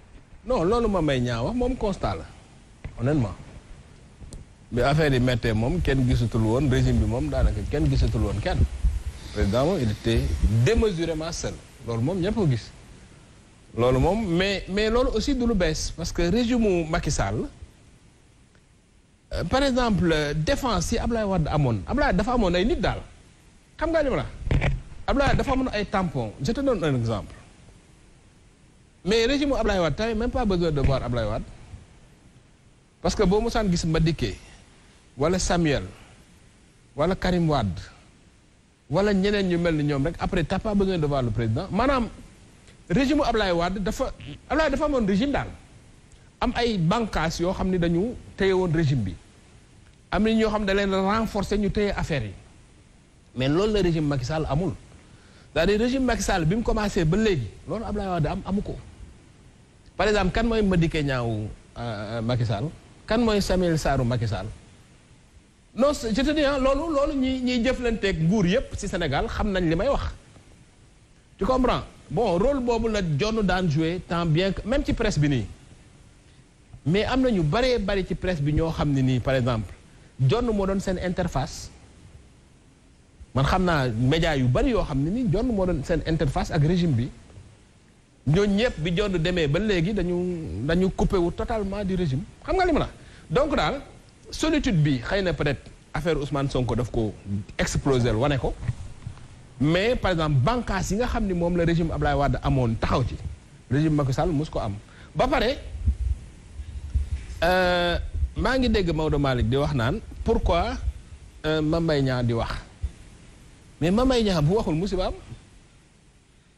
non loolu ma may ñaa wax moom constat honnêtement Mais affaire yi guise moom kenn gisatul woon régime bi moom daanaka kenn gisatul woon le président il était démesurément seul loolu moom ñëpp ko gis loolu moom mais mais loolu aussi du lu bees parce que régime mu Macky Sall euh, par exemple défense yi Ablaye Wad amoon Ablaye dafa amoon ay nit daal xam nga li la Ablaye dafa amoon ay tampon je te donne un exemple mais régime Ablaye Wade t'avais même pas besoin de voir Ablaye Wade parce que boo mosaan gis Madické wala Samuel wala Karim Wade wala ñeneen ñu mel ni ñoom rek après t'as bëgg besoin de voir président maanaam régime Ablaye Wade dafa Ablaye dafa amoon régime daal am ay bànqaas yoo xam ne dañu téye woon régime bi am na ñoo xam ne da leen renforcer ñu téye affaire yi mais loolu la régime Macky Sall amul c'est-à-dire régime Macky bi mu commencé ba léegi loolu Ablaye Wade am amu ko. par exemple kan mooy Madické Niang euh, euh, Macky Sall kan mooy Samuel Sarou Macky Sall non je te dis lolo, lolo. ni ni jëflanteeg nguur yépp ci Sénégal xam nañ li wax tu comprends bon rôle bobu la jonn Dan joué tant bien que même ci presse bi ni. mais amna ñu baree bari ci presse bi ñoo xamni ni par exemple John mo doon sen interface man xamna naa média yu bari yo xamni ni nii mo moo sen interface ak régime bi ñooñu ñëpp bi jonn demee ba léegi dañu dañu coupé wu totalement du régime xam nga li na donc daal solitude bi xëy na peut-être affaire song ko daf ko explosé wane ko mais par exemple bànqaas yi nga xam ni moom la régime Ablaye Wade amoon taxaw ci régime Macky Sall mus ko am ba pare euh, maa ngi dégg Maodo Malick di wax naan pourquoi euh, Mame Mbaye Niang di wax mais Mame Mbaye bu waxul musiba am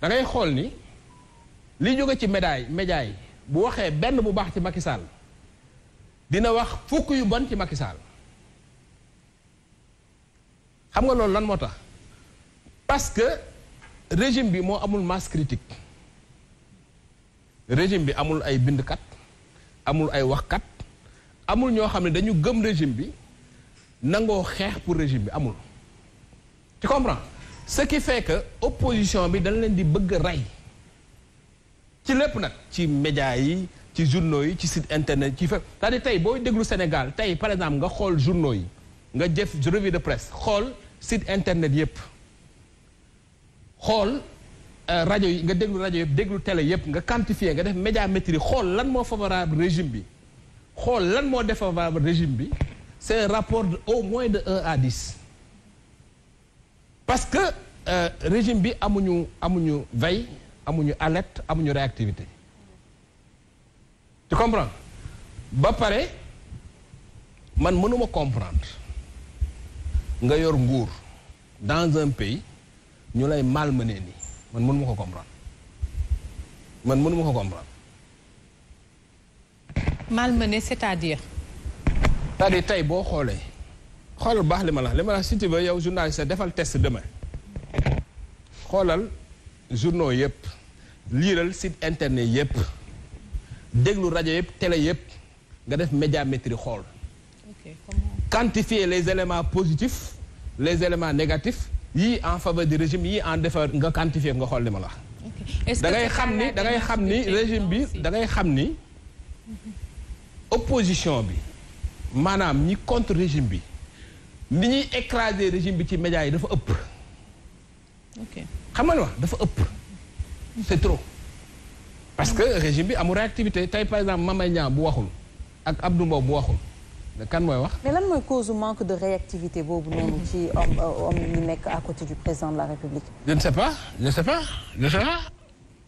da ngay xool ni li jóge ci médaille média yi bu waxee benn bu baax ci Macky dina wax fukk yu bon ci Macky xam nga loolu lan moo tax parce que régime bi moo amul masse critique régime bi amul ay bindkat amul ay waxkat amul ñoo xam ne dañu gëm régime bi nangoo xeex pour régime bi amul tu comprends ce qui fait que l'opposition, a dañ leen di médias yi journaux yi internet Sénégal par exemple nga journaux yi nga revue de presse les site internet yëpp euh, radio, nga déglu radio yépp déglu télé yépp nga quantifier nga def xool lan moo favorable régime bi xool défavorable régime bi c'est un rapport au moins de 1 à 10 parce que euh, régime bi amuñu amuñu veille amuñu alerte amuñu réactivité tu comprends ba ne peux pas comprendre nga yor nguur dans un pays ñu lay malmené Je man peux ko comprendre man peux ko comprendre. malmené c'est-à-dire. c'est-à-dire tey boo xoolal baax li ma la li ma la site ba yow journaliste defal test demain xoolal journaux yëpp liiral site internet yep, déglu rajo yëpp télé yëpp nga def médiamétrie xool quantifier les éléments positifs les éléments négatifs yii en faveur du régime yii en défaveur nga quantifier nga xool li ma la da ngay xam ni da ngay xam ni régime bi da ngay xam ni opposition bi maanaam ñi contre régime bi ni ñuy écraser régime bi ci média yi dafa ëpp. ok xam nga dafa ëpp. c'est trop. parce que régime bi amul réactivité tey par exemple Mame Niang bu waxul ak Abdou Mbow bu waxul. kan mooy wax. mais lan mooy cause manque de réactivité boobu noonu ci homme euh, homme nekk à côté du président de la République. je ne sais pas je ne sais pas je ne sais pas.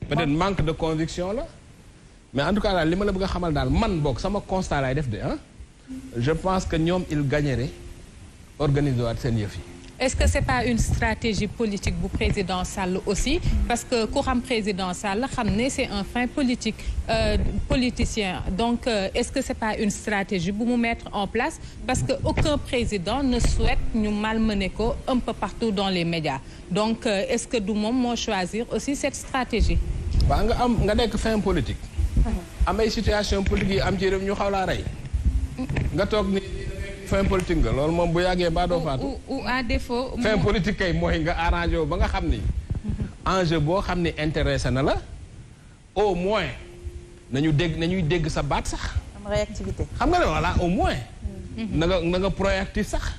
peut-être manque de conviction la. mais en tout cas daal li ma la bëgg a xamal daal man boog sama constat lay def de ah. je pense que ñoom il gagnerait est-ce que c'est pas une stratégie politique le président Sall aussi parce que le président Sall c'est un fin politique euh, politicien donc euh, est-ce que c'est pas une stratégie pour mettre en place parce que aucun président ne souhaite nous malmener un peu partout dans les médias donc euh, est-ce que tout le choisir aussi cette stratégie nga am fin politique ah. situation politique yi fin politique nga mom bu yàggee ba do faatu. ou à défaut. fin politique kay mooy nga arrangé ba nga xamni ni. enjeu bo xamni intéressé na la au moins nañu dégg nañuy dégg sa baat sax. am réactivité xam nga voilà au moins. na nga nga proactif sax.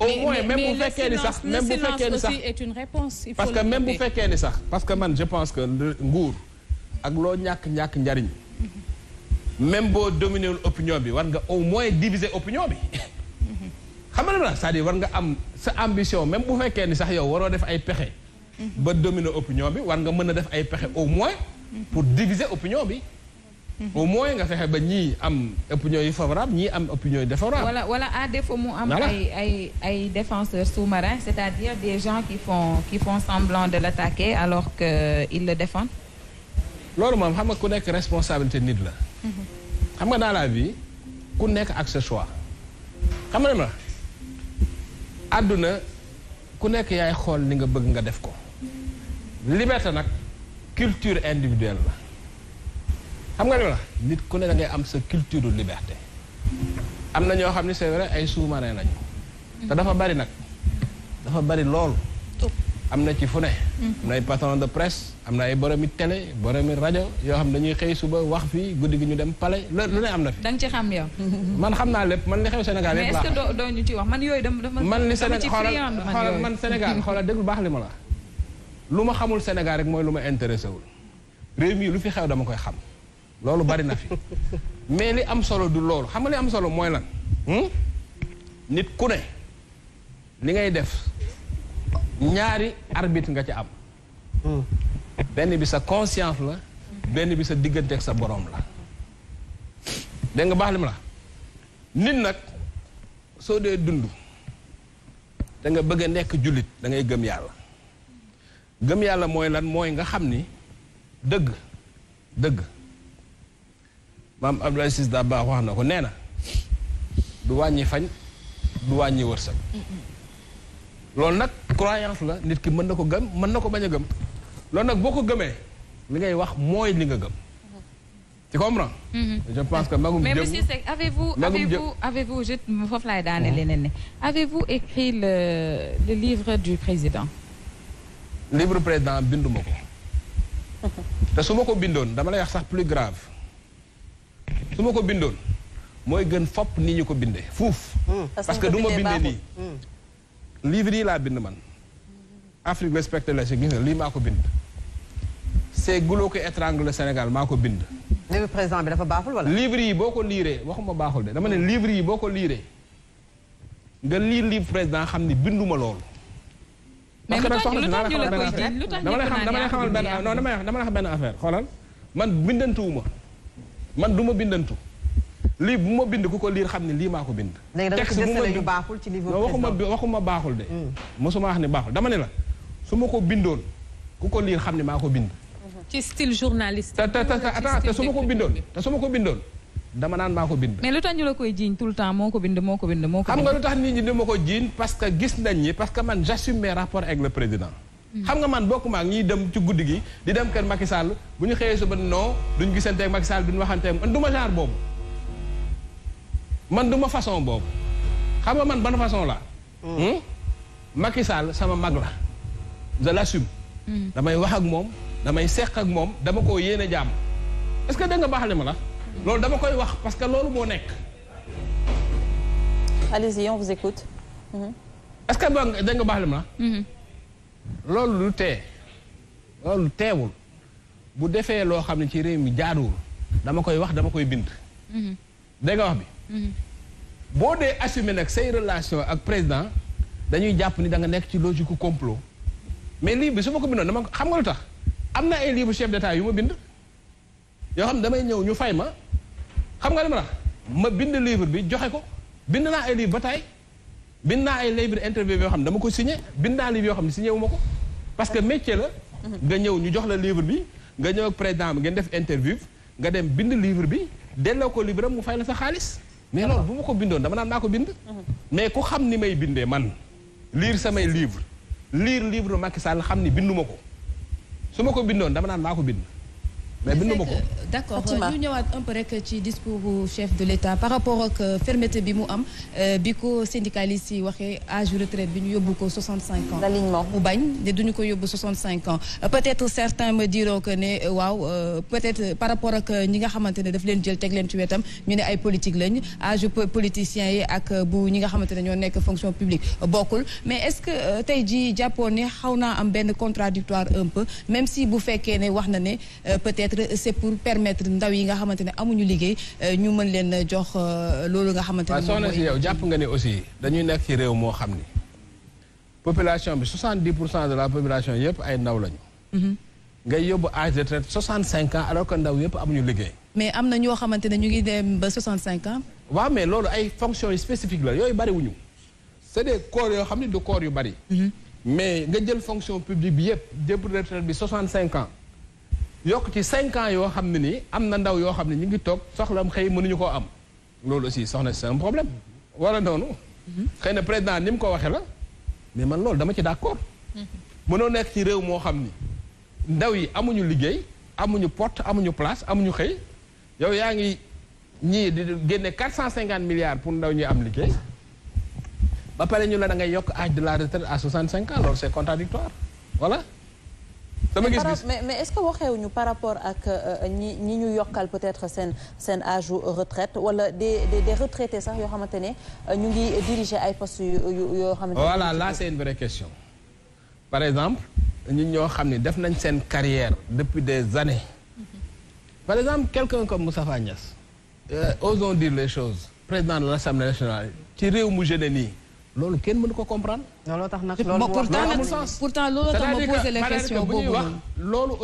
au moins même bu fekkee ni sax même bu fekkee ni sax est une réponse. il faut parce que même bu fekkee ni sax parce que man je pense que ngour ak lo ñak ñak njariñ même bo dominéwul opinion bi war nga au moins diviser opinion bi. xam nga la c'est-à-dire war nga am sa ambition même bu fekkee ni sax yow waroo def ay pexe. ba dominer opinion bi war nga mën a def ay pexe au moins. pour diviser opinion bi. Mhm. au moins nga fexe ba ñii am opinion favorable ñii am opinion défavorable. wala wala à défaut mu am. ay ay ay défenseurs sous-marins c'est-à-dire des gens qui font qui font semblant de l'attaquer alors que euh, ils le défendent. loolu moom xam nga ku nekk responsabilité nit la. Mhm. xam nga dans la vie ku nekk ak ce choix xam nga ma. àdduna ku nekk yaay xool ni nga bëgg nga def ko liberté nag culture individuelle la xam nga li la nit ku ne da ngay am sa culture liberté am na ñoo xam ne c'est vrai ay sous-marins te dafa bari nag dafa bari lool am na ci fune ne. am na ay patron de presse am na ay boromi télé boromi rajo yoo xam dañuy xëy suba wax fii guddi gi ñu dem palais lu ne am na fi. da nga ci xam yow. man xam naa lépp man li xew Sénégal yëpp. mais est-ce que doo ñu ci wax man yooyu dama man li Sénégal xoolal man Sénégal xoolal déglu baax li ma la. lu ma xamul Sénégal rek mooy lu ma intéressé wul réew mi lu fi xew dama koy xam loolu bari na fi mais li am solo du loolu xam nga li am solo mooy lan hmm? nit ku li ngay def. ñaari arbitre nga ci am hmm. benn bi sa conscience la benn bi sa diggante ak sa boroom la dégg nga baax li ma la nit nag soo dee dund da nga bëgg a nekk jullit da ngay gëm yàlla gëm yàlla mooy lan mooy nga xam ni dëgg dëgg maam Abdoulaye Ciss daa baax wax na ko nee na du wàññi fañ du wàññi wërsëg loolu nag croyance la nit ki mën na ko gëm mën na ko bañ a gëm loolu nag boo ko gëmee li ngay wax mooy li nga gëm tu comprends. Mhm. je pense que magum jëm mais monsieur Seck avez-vous avez-vous avez-vous je foofu laay daane leneen ne avez-vous écrit le le livre du président. livre président binduma ko. te su ma ko bindoon dama lay wax sax plus grave su ma ko bindoon mooy gën fopp ni ñu ko bindee fuuf. Hmm. parce que du ma bindee nii. Hmm. livre yi laa bind man Afrique respecte la si gis nga lii maa ko bind c'est goulot étrangle Sénégal maa ko bind livre dafa baaxul wala livre yi boo ko liiree waxuma baaxul de dama leen livre yi boo ko liiree nga liir livre président xam ni binduma loolu parce que nag soxna si naa la xamal dama lay xam dama lay xamal benn benn affaire xoolal man bindantuwuma man du ma bindantu lii bu ma bind ku ko liir xam ne lii maa ko bind. texte bu ma bind baaxul ci niveau waxuma waxuma baaxul de. Hmm. ne baaxul dama ne la su ma ko bindoon ku ko liir xam ne maa ko bind. ci style ko bindoon te ma ko bindoon dama naan maa ko bind. mais lu tax ñu la koy jiiñ tout le temps moo ko bind moo ko bind moo ko. xam nga lu tax nit ñi ma ko jiiñ parce que gis nañ ñi parce que man j'assume mes rapports avec le président. Hmm. xam nga man bokkuma ak ñiy dem ci guddi gi di dem kër Macky Sall bu ñu xëyee suba noo duñ gisante ak Macky Sall duñ waxante man du ma genre boobu. man duma façon Bob, façon la hmm. Hmm? sama mag la je l'assume hmm. damay wax ak mom damay seq ak mom dama ko est-ce que Vous nga baax ma la dama koy wax parce que mo allez-y on vous écoute est-ce que vous avez que vous ma dit que vous avez bu ne ci pas mi dama koy boo dee assumé nag say relation ak président dañuy jàpp ni da nga nekk ci logique ku complot mais livre bi su ma ko bindoon dama xam nga tax am na ay livre chef d'état yu ma bind yoo xam ne damay ñëw ñu fay ma xam nga dama tax ma bind livre bi joxe ko bind naa ay livre ba taay bind naa ay livre interview yoo xam ne dama ko signe bind naa livre yoo xam ne signé wu ma ko parce que métier la nga ñëw ñu jox la livre bi nga ñëw ak président ngeen def interview nga dem bind livre bi delloo ko livre am mu fay la sa xaalis mais loolu bu ma ko bindoon dama naan maa ko bind mais ku xam ni may bindee man liir samay livre liir livre Macky Sall xam ni binduma ko su ma ko bindoon dama naan maa ko bind mais bind ma d'accord ñu ñëwaat un peu rek ci discours chef de l'État par rapport ak euh, fermeté bi mu am euh, biko syndicaliste yi waxee âge retraite bi ñu yóbbu ko 65 ans l'alignement mu bañ ne duñu ko yóbbu 65 ans euh, peut-être certains me diront que ne waaw peut-être par rapport ak ñi nga xamantene daf leen jël tek leen ci wétam ñu ne ay politique lañ âge politicien yi ak bu ñi nga xamantene ño ñoo nekk fonction publique bokul mais est-ce que tay jii jàppoon ne xaw am ben contradictoire un peu même si bu féké né wax na né peut-être permettre c'est pour permettre ndaw yi nga xamantene amuñu liggéey euh, ñu mën leen euh, jox euh, loolu nga xamantene xamante ne. soxna si yow jàpp nga ne aussi dañuy nekk ci réew moo xam ni population bi 70 pour cent de la population yépp ay ndaw lañu. Mhm. ngay yóbbu âge de retraite 65 ans alors que ndaw yëpp amuñu liggéey. mais am na ñoo xamante ne ñu ngi dem ba 65 ans. waaw mais loolu ay fonctions yu spécifiques la yooyu bariwuñu c'est des corps yoo xam ne du corps yu bari. Mhm. mais nga jël fonction publique bi yëpp jëpp retraite bi 65 ans y ci 5 ans yo xamni ndaw yo xamni ñi ngi am aussi c'est un problème wala nonu président nim ko la mais man dama ci d'accord mëno nek ci rew mo xamni ndaw yi amuñu amuñu porte amuñu place amuñu xey yow yaa ngi di milliards pour ndaw ñi am liggéey ba pare ñu la de la retraite à 65 ans c'est contradictoire voilà mais est-ce que vous waxeewuñu par rapport à euh, ñi que ñu a peut-être un âge âge retraite ou des retraités sax yoo xamante à euh, voilà là c'est une vraie question par exemple nous, avons fait une carrière depuis des années mhm. par exemple quelqu'un comme Moussa Fagnas, euh, osons dire les choses président de l'Assemblée nationale tiré au mu loolu kenn mënu ko comprendre. looloo tax nag loolu pourtant pourtant looloo tax ma posé les loolu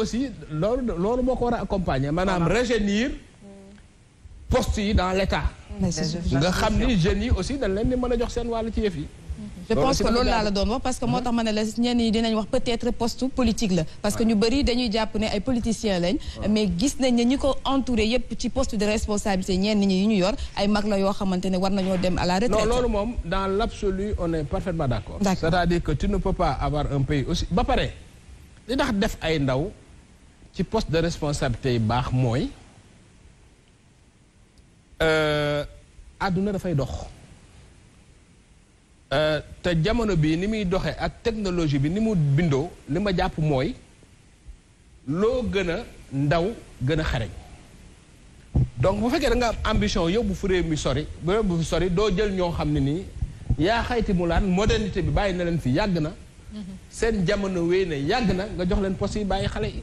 loolu loolu moo ko war a accompagner maanaam rajeunir poste yi dans l' état. nga xam ni yi aussi dañ leen di mën a jox seen wàll ci yëf yi. je pense que c'est ce la doon parce que moi je ma ne la peut-être poste politique là parce que nous, avons dañuy jàpp ne ay politiciens mais gis nañ entouré yépp ci poste de responsabilité Nous avons des ñu yor ay mag la yoo xamante ne war dem à la retraite non non, dans l'absolu on est parfaitement d'accord c'est-à-dire que tu ne peux pas avoir un pays aussi ba pare li tax def ay ndaw ci poste de responsabilité yi baax mooy euh, àdduna dafay dox Euh, te jamono bi ni muy doxee ak technologie bi ni mu bindoo li ma jàpp mooy loo gën a ndaw gën a xareñ donc bu fekkee da nga am ambition yóbbu fu réew mi sori yóbbu fu sori doo jël ñoo xam ne nii yaa xayti mu laan modernité bi bàyyi na leen fi yàgg na mhm. seen jamono wéy na yàgg na nga jox leen poste yi bàyyi xale yi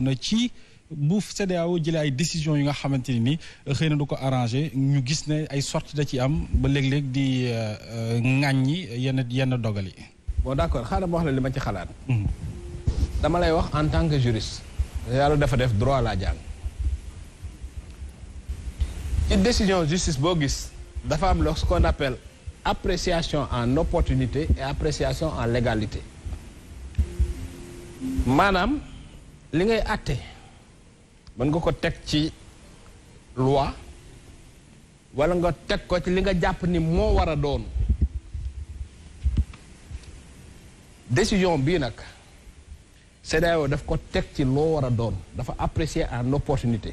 taxaw na ci bu CEDEAO jëlee ay décision yu nga xamante ni xëy na ko arrangé ñu gis ne ay sorte da ci am ba léeg-léeg di euh, ŋàññi yenn yenn dogal yi. bon d'accord accord xaaral ma wax la li ma ci xalaat. Hmm. dama lay wax en tant que juriste. yàlla dafa def droit la jàng. ci décision justice boo gis dafa am ce qu'on appelle appréciation en opportunité et appréciation en légalité maanaam li ngay àtte mën nga ko teg ci loi walla nga teg ko ci li nga jàpp ni moo war a doon décision bii nag CEDEAO daf ko teg ci loo war a doon dafa apprécier en opportunité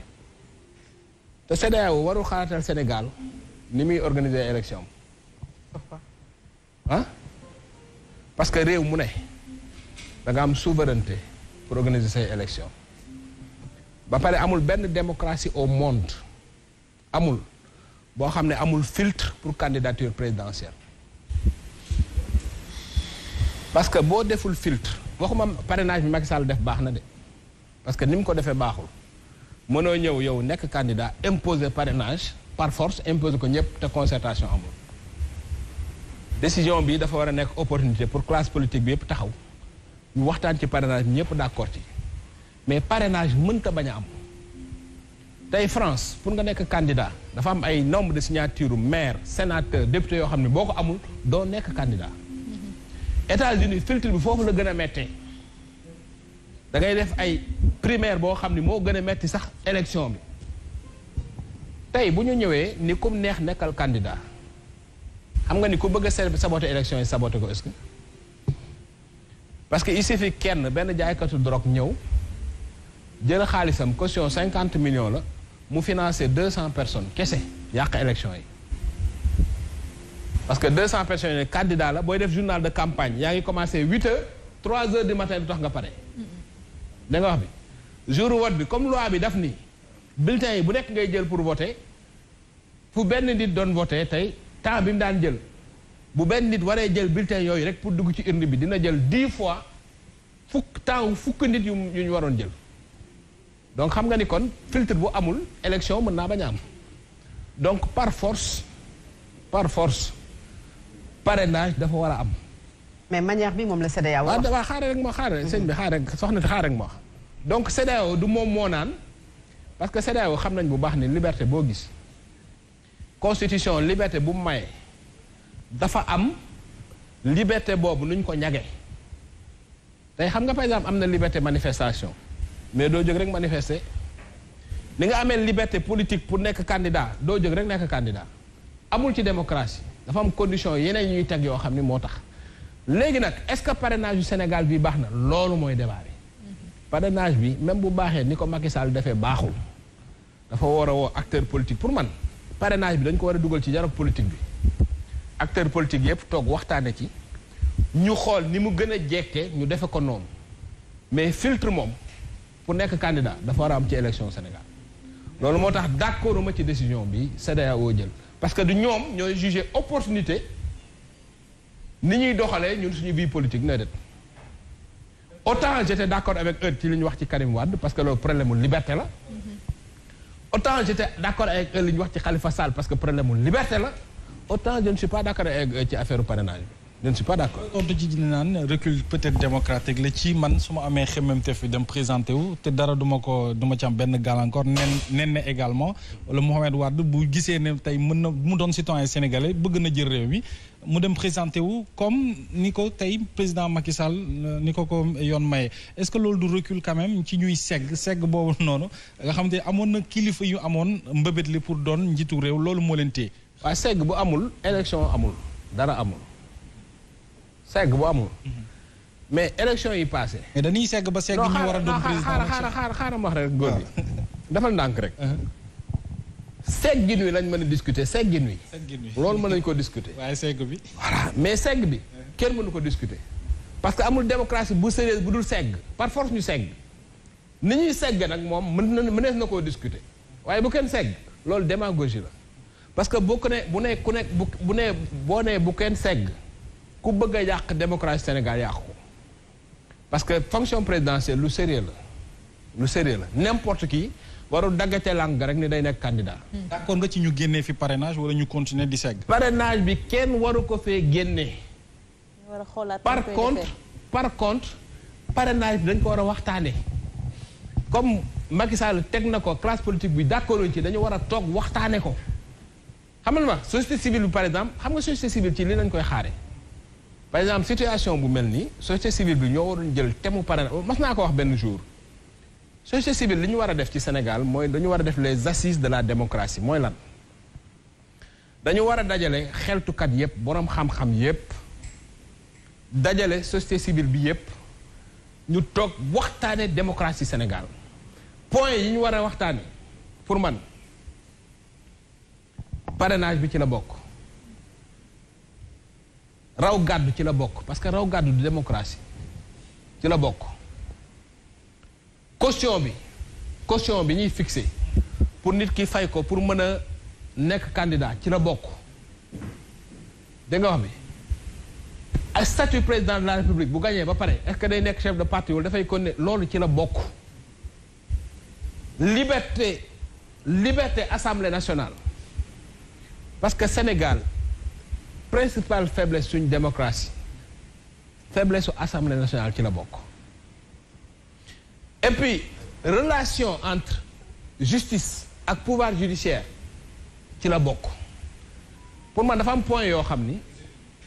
te CEDEAO warul xalaatal Sénégal ni muy organiser élection ah parce que réew mu ne danga am souveraineté pour organiser ces élections. ba paré amul ben démocratie au monde amul bo xamné amul filtre pour candidature présidentielle parce que si deful filtre waxuma parrainage bi Macky Sall def pas na parce que nim ko défé ou Mëno ñëw yow nek candidat imposé parrainage par force imposé, ko ñëpp té concertation amul décision bi dafa faire a opportunité pour classe politique bi yëpp taxaw ñu waxtaan ci parrainage bi ñëpp d'accord ci mais parrainage mënta bañ a am tey France pour nga nekk candidat dafa am ay nombre de signature maire sénateur député yoo xam ne boo ko amul doo nekk candidat États-Unis filtre bi foofu la gën a mette da ngay def ay primaire boo xam ne moo gën a metti sax élection bi tey bu ñu ñëwee ni ku neex nekkal candidat xam nga ni ku bëgg a saboter élection yi saboter ko est parce que il s'est fait qu'un ben de que tu drogues nous dire qu'alice question 50 millions là nous financer 200 personnes qu'est-ce il y a que élection parce que 200 personnes les candidats la boy des journal de campagne il y a qui 8 h 3 h du matin tu as qu'à parler d'accord jour où voter, comme loi tu d'afni bulletin il vous que tu es pour voter pour ben dit donne voter t'as bien d'un bu ben nit waré jël bulletin yoy rek pour dugg ci urne bi dina jël 10 fois fuk taw fuk nit yu ñu waron jël donc xam nga ni kon filtre bu amul élection mën naa bañ am donc par force par force parrainage dafa wara am. mais manière bi mom la CEDEAO wax. Ah, da wax xaaral rek mo xaaral señ bi xaaral rek soxna si rek mo wax. donc CEDEAO du mom mo nan parce que CEDEAO xam nañ bu baax ni liberté bo gis constitution liberté bu mu maye. dafa am liberté boobu nuñ ko ñage tey xam nga par exemple am na liberté manifestation mais doo jóg rek manifester ni nga amee liberté politique pour nekk candidat doo jóg rek nekk candidat amul ci démocratie dafa am condition yeneen ñuy teg yoo xam ni moo tax léegi nag est-ce que parrainage yu Sénégal bi baax na loolu mooy débat bi parrainage bi même bu baaxee ni ko Macky defee baaxul dafa war a woo acteur politique pour man parrainage bi dañ ko war a dugal ci jarab politique bi acteurs politiques yëpp toog waxtaane ci ñu xool ni mu gën a jekke ñu defe ko noonu mais filtre moom pour nekk candidat dafa war a am ci élection Sénégal loolu moo tax d'accord ma ci décision bi CEDEAO jël parce que du ñoom ñooy jugé opportunité ni ñuy doxalee ñun suñu vie politique na det autant j'étais d'accord avec eux ci li ñu wax ci Karim Wade parce que loolu problème mu liberté la mm-hmm. autant j'étais d'accord avec eux li ñu wax ci Khalifa Sall parce que problème mu liberté la autant je ne suis pas d'accord euh, ci affaire parrainage bi je ne suis pas d'accord. tontu ci dina naan recul peut démocratique la ci man su ma amee xemmemteef bi dem présenté wu te dara du ko du ma ci am benn gàllankoor nen nen ne également wala Mouhamed bu gisee ne tey mën na mu doon citoyen sénégalais bëgg na jël réew mi dem présenté wu comme ni ko tey président Macky Sall euh, ni ko ko yoon maye est-ce que loolu du recul quand même ci ñuy segg segg boobu noonu nga xam te amoon na kilifa yu amoon mbëbët li pour doon njiitu réew loolu moo leen téye waaye segg bu amul élection amul dara amul amul. mais élection yi passé. mais dañuy segg ba c'est rek uh-huh. discuter discuter. bi. mais segbi, bi discuter. parce que amul démocratie bu sérieuse par force ñu seg. ni ñuy segg nak mom mën discuter bu démagogie parce que bu ne bu ne ku ne bu ne boo nee bu kenn segg ku bëgg a yàq démocratie Sénégal yàqu ko parce que fonction présidentielle lu sérieux la lu sérieux la n'importe qui warul daggate làng rek ni day nekk candidat. Hmm. d'accord nga ci ñu génnee fi parrainage wala ñu continuer di segg. parrainage bi kenn waru ko fee génnee. par contre par contre parrainage bi dañ ko war a waxtaanee comme Macky Sall teg na ko classe politique bi d'accord ci dañu war a toog waxtaanee ko. xamal ma société civile bi par exemple xam nga société civile ci li lañ koy xaare par exemple situation bu mel nii société civile bi ñoo waroon jël thème parrainage mas naa ko wax benn jour société civile ñu war a def ci Sénégal mooy dañu war a def les assises de la démocratie mooy lan dañu war a dajale xeltukat yépp boroom xam-xam yépp dajale société civile bi yépp ñu toog waxtaane démocratie Sénégal point yi ñu war a waxtaane pour man parrainage bi ci la bokk raw gàddu ci la bokk parce que raw gàddu du démocratie ci la bokk caution bi caution bi ñuy fixé pour nit ki fay ko pour mën a candidat ci la bokk dégg nga wax statut président de la république vous gagnez, ba pare est-ce que day nekk chef de parti wala dafay faites connaître loolu ci la bokk liberté liberté assemblée nationale parce que Sénégal principale faiblesse d'une démocratie faiblesse de l'Assemblée nationale qui la beaucoup. et puis relation entre justice et pouvoir judiciaire qui la beaucoup. pour moi, dafa am point yo,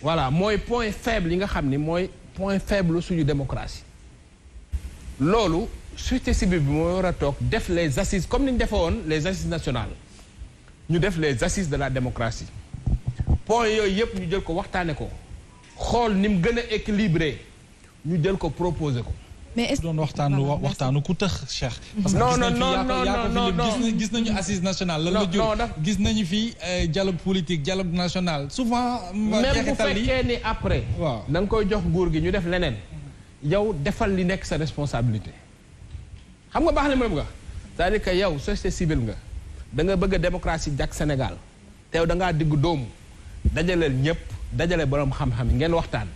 voilà moi, point faible sur nga point faible la démocratie Lolo suite à vous que je les assises comme nous les assises nationales nous devons les assises de la démocratie point non ñu jël ko non ko non non non mais est-ce que non Non, non, non, non, non, non, non. non dialogue politique dialogue national souvent. Euh, même après. responsabilité. c'est-à-dire que da nga bëgg a démocratie jàkk Sénégal te da ngaa digg doomu dajaleel ñëpp dajale borom xam-xam yi ngeen waxtaan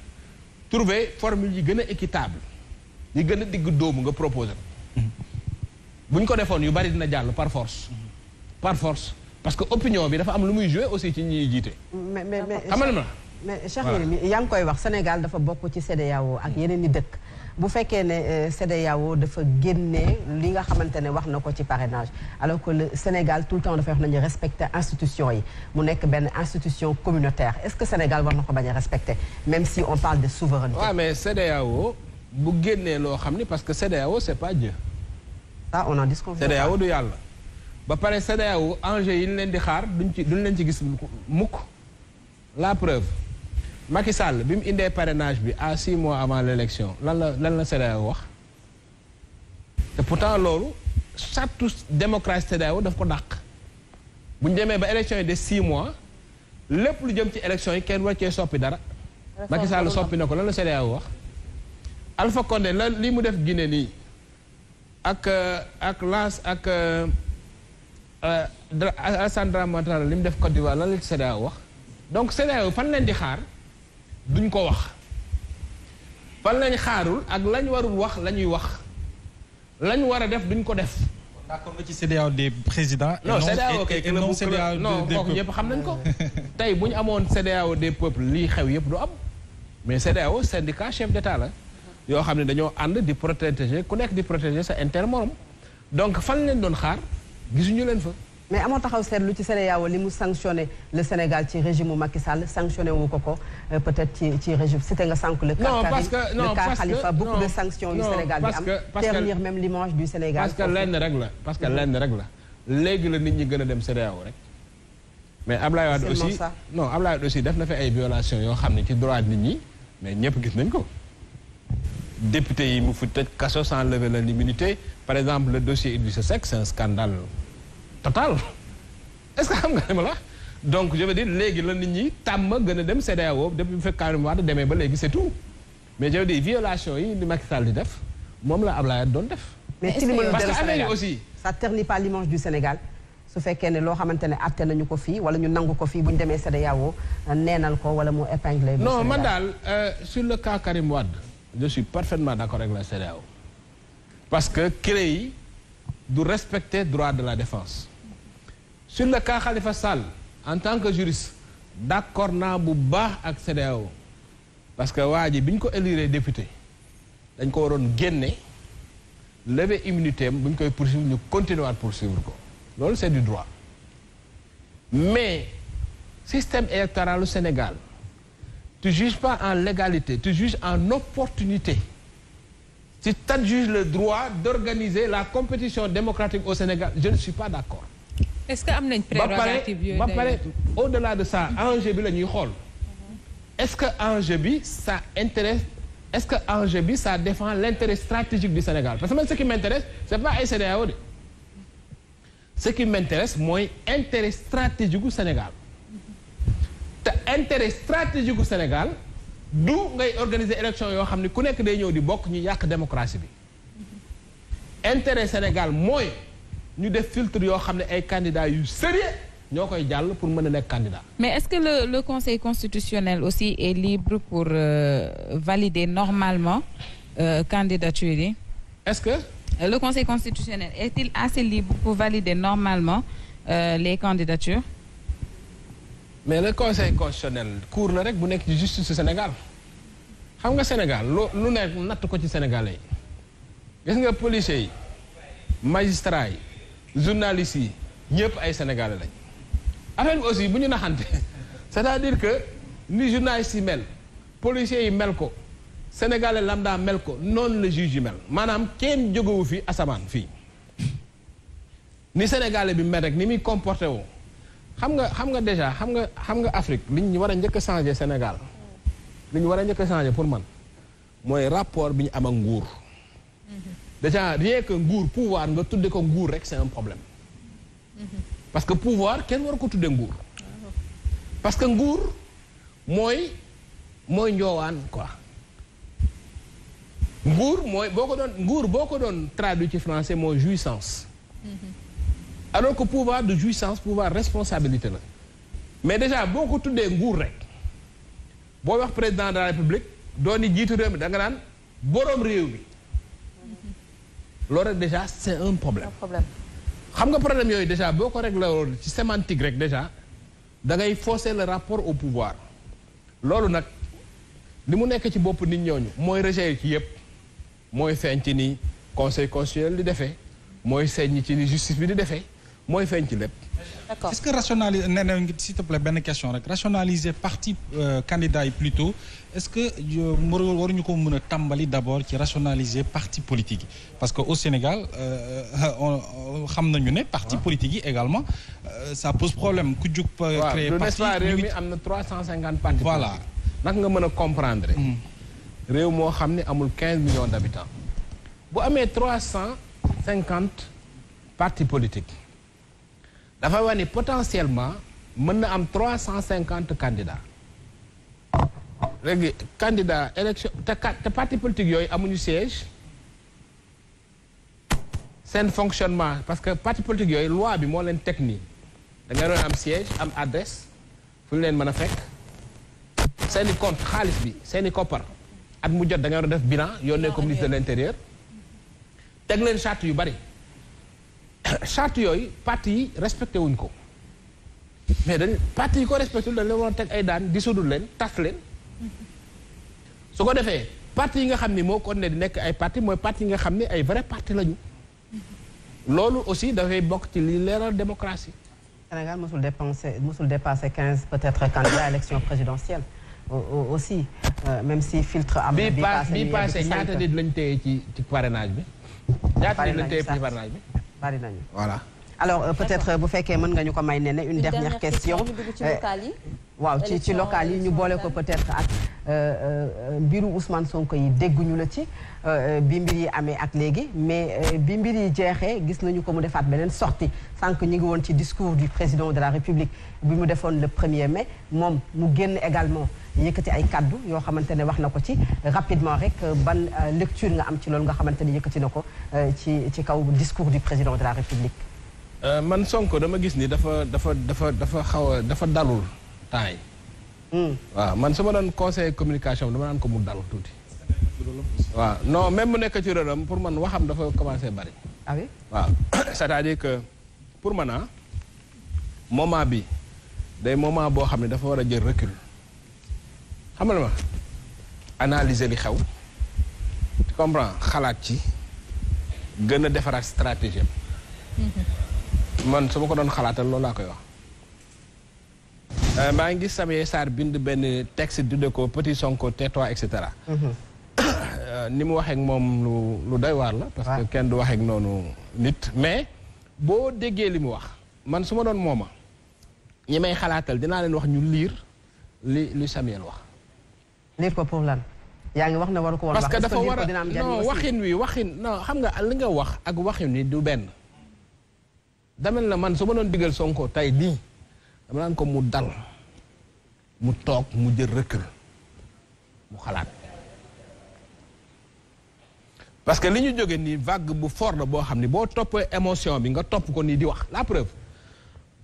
trouver formule yi gën a équitable yi gën a digg dóomu nga proposé buñ ko defoon yu bari dina jàll par force par force parce que opinion bi dafa am lu muy jouer aussi ci ñuy jiite mais mais mais Cheikh Yérim yaa ngi koy wax Sénégal dafa bokk ci CEDEAO ak yeneen i dëkk bu fekkee ne euh, CEDEAO dafa génnee li nga xamante ne wax na ko ci parrainage alors que le Sénégal tout le temps dafa wax nañu respecter institution yi mu nekk benn institution communautaire est-ce que Sénégal war na ko bañ respecter même si on parle de souveraineté. waaw mais CEDEAO bu génnee loo xam ni parce que CEDEAO c'est pas Dieu. ça on en disconvient. CEDEAO du yàlla. ba pare CEDEAO enjeu yi ñu leen di xaar duñ ci duñ leen ci gis mukk la preuve. Macky Sall bi mu parrainage bi à 6 mois avant l'élection, lan la lan la CEDEAO wax te pourtant loolu surtout démocratie CEDEAO daf ko dàq Buñ démé ba élection yi de 6 mois lepp lu jëm ci élection yi kenn wa ci soppi dara. Macky Sall soppi na lan la CEDEAO wax. Alpha Condé la li mu def Guinée ni ak euh, ak Lance ak Alassane Dramane Ouattara li def Côte d'Ivoire lan la ci wax donc CEDEAO fan leen di xaar duñ ko wax fan lañ xaarul ak lañ warul wax lañuy wax lañ war a def duñ ko def. d'accord nga ci CEDEAO des présidents. non ok kay non CEDEAO non kooku ñëpp xam nañ ko. tey bu ñu amoon CEDEAO des peuples lii xew yëpp du am mais CEDEAO syndicat chef d'état la yoo xam ne dañoo ànd di protéger ku nekk di protéger sa intérêt morom donc fan lañ doon xaar gisuñu leen fa mais amoo taxaw lu ci CEDEAO limu sanctionner le Sénégal ci régime Macky Sall sanctionner wu ko euh, peut-être ci ci régime c'était nga sànq le cas Karim le cas Khalifa beaucoup de sanctions au Sénégal bi am venir même l'image du Sénégal parce que lenn rek la parce que lenn rek la léegi la nit ñi gëna dem CEDEAO rek mais Ablaye Wade aussi non Ablaye Wade aussi def na fi ay violations yo xamni ci droit nit ñi mais ñepp gis nañ ko député yi mu fu tëj kaso sans lever l'immunité par exemple le dossier Idrissa Seck c'est un scandale total est-ce que xam nga ne donc je veux dire les la nit ñi tàmm gën dem CDAO depuis bu fekk Karim Wade demee ba légui c'est tout mais je veux dire violation yi li Macky Sall di def mom la Ablaye don def. mais parce que aussi. ça ternit pas l'image du Sénégal su fekkee ne loo xamante ne nañu ko fi wala ñu nang ko fi bu démé CDAO nénal ko wala mu épinglé. non man dal euh, sur le cas Karim Wade je suis parfaitement d'accord avec la CDAO parce que créé du respecter droit de la défense sur le cas Khalifa Sall en tant que juriste d'accord n'a bu bah ak parce que waa dit ko élire député dañ ko waroon lever immunité buñ koy poursuivre ñu continuer à poursuivre ko c'est du droit mais système électoral au Sénégal tu juges pas en légalité tu juges en opportunité si tu juges le droit d'organiser la compétition démocratique au Sénégal je ne suis pas d'accord est-ce que a prérogative au-delà de ça bi la ñuy est-ce que enjeu ça intéresse est-ce que enjeu ça défend l'intérêt stratégique du Sénégal parce que moi, ce qui m'intéresse c'est pas ay ce qui m'intéresse moi, l'intérêt stratégique du Sénégal L'intérêt intérêt stratégique du Sénégal d'où ngay organiser élection yo xamni ne ku nek day ñëw di bok ñu démocratie L'intérêt intérêt Sénégal moi nous devons filtres yo candidats sérieux pour mëna le candidat. mais est-ce que le conseil constitutionnel aussi est libre pour euh, valider normalement euh, candidature est-ce que. Euh, le conseil constitutionnel est-il assez libre pour valider normalement euh, les candidatures. mais le conseil constitutionnel le cours rek bu juste ci justice du Sénégal xam nga Sénégal lu lu nekk ko ci sénégalais policiers magistrats journalistes yi ñëpp ay sénégalais lañ affaire bi aussi bu ñu naxante c'est-à-dire que ni journalistes yi mel policiers yi mel ko sénégalais lambda mel ko noonu la juge yi mel maanaam kenn jógewu fi asamaan fii ni sénégalais bi mel rek ni muy comporté wu xam nga xam nga déjà xam nga xam nga Afrique li ñu war a njëkk a changé Sénégal li ñu war a njëkk a changé pour man mooy rapport bi ñu am ak nguur déjà rien qu'un gour, pouvoir nga tout ko gour c'est un problème parce que pouvoir quest war ko d'un nguur parce que moi, moi, mooy njoowaan quoi Gour, moi beaucoup un doon beaucoup de traduit français mon jouissance alors que pouvoir de jouissance pouvoir responsabilité mais déjà beaucoup de gour nguur rek wax président de la république doon ni jiitu loolu rek déjà c'est un problème xam nga problème yooyu déjà boo ko réglé woon ci sémantique rek déjà da ngay fausser le rapport au pouvoir loolu nag li mu nekk ci bopp nit ñooñu mooy rejet ci yëpp mooy feeñ ci ni conseil constitutionnel di defee mooy feeñ ci ni justice bi di defee mooy fenc ci lépp d'accord est-ce que rationaliser nee na s'il te plaît benn question rek rationaliser parti euh, candidat yi plutôt est-ce que nous ko mëna tambali d'abord rationaliser parti politique politiques parce qu'au au Sénégal euh, xam nañu politiques parti politique également euh, ça pose problème ku ne créer parti e réew mi am trois cent cinquante partis voilà nak nga mëna a comprendre mm. réew mo xamné amul 15 millions d'habitants bu amé trois 350 partis politiques dafay wax potentiellement mëna am 350 candidats legi candidat élection te te parti politique yoy amuñu siège sen fonctionnement parce que parti politique yoy loi bi mo len teg da nga am siège am adresse fu len leen mën a fekk seen compte khalis bi sen copar at mu jot da nga doon def bilan yone ko ministre de l'intérieur tek len charte yu bari charte yoy parti yi respecté wuñ ko mais dañ parti yi ko respecté dañ leen won tek ay daan dissoudre len taf len su ko defee parti yi nga xam ni moo kon ne di nekk ay parti mooy parti yi nga xam ni ay vrai parti lañu loolu aussi dafay bokk ci li leeral démocratie Sénégal mosul dépensé mosul dépassé 15 peut-être candidat à élection présidentielle aussi euh, même si filtre am bi passé ñaata nit lañ téye ci ci parrainage bi ñaata nit lañ téye ci parrainage bi bari nañu voilà alors euh, peut-être euh, bu faites mën nga ñu ko une dernière question euh, waaw ci ci local yi ñu boole ko peut-être ak mbiru Ousmane Sonko yi dégguñu la ci bi mbir yi amee ak mais bi mbir yi jeexee gis nañu ko mu defaat beneen sortie que ñu ngi woon ci discours du président de la République Nous mu defoon le premier mai moom mu génn également yëkkati ay kaddu yoo xamante ne ci rapidement rek ban lecture nga am ci loolu nga xamante yëkëti yëkkati ci ci kaw discours du président de la République Euh, man Sonko dama gis ni dafa dafa dafa dafa xaw dafa dalul temps hmm. yi. waaw man su ma doon conseiller communication dama naan ko mu dal tuuti. waaw no même mu nekk ci réeram pour man waxam dafa commencé bari. ah oui waaw c'est-à-dire que pour man ah moment bi day moment boo xam ne dafa war a jël recul. xam nga ma analyser li xew. tu xalaat ci gën a defaraat stratégie man su ma ko doon xalaatal loolu laa koy wax. Euh, maa ngi gis Samuel Sarr bind benn du tudde ko Petit Sonko tais-toi et cetera. Mhm. Euh, ni mu waxeek moom lu lu waar la. parce que kenn du waxeek noonu nit. mais boo déggee li mu wax man su ma doon mooma ñi may xalaatal dinaa leen wax ñu liir li li Samuel wax. lire ko pour lan. yaa wax ne waru ko woon wax parce que dafa war a waxin wi waxin non xam nga li nga wax ak waxin wi du benn. damel man digal Sonko dama mu dal recul parce que les gens ni vague bu fort la bo xamni bo émotion bi ko la preuve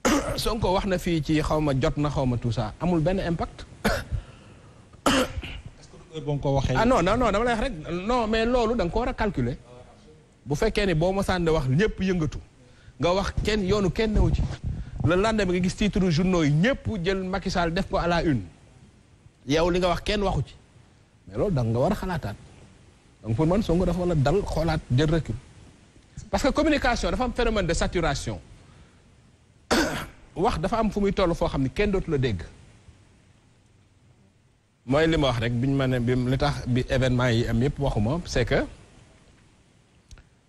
Sonko wax na fi ci xawma jot na xawma tout ça amul ben impact. est ah non non non non mais l'eau, dang ko bu ni wax nga wax kenn yoonu kenn newu ci la le lendemain nga gis titre journaux yi ñëpp jël Macky Sall def ko àlla la une yow li nga wax kenn waxu ci mais loolu da nga war a xalaataat donc pour man Sonko dafa war a dal xoolaat jël recul parce que communication dafa am phénomène de saturation wax dafa am fu muy toll foo xam ne kenn dootu la dégg mooy li ma wax rek ñu ma ne bi li tax bi événement yi am yëpp waxuma c'est que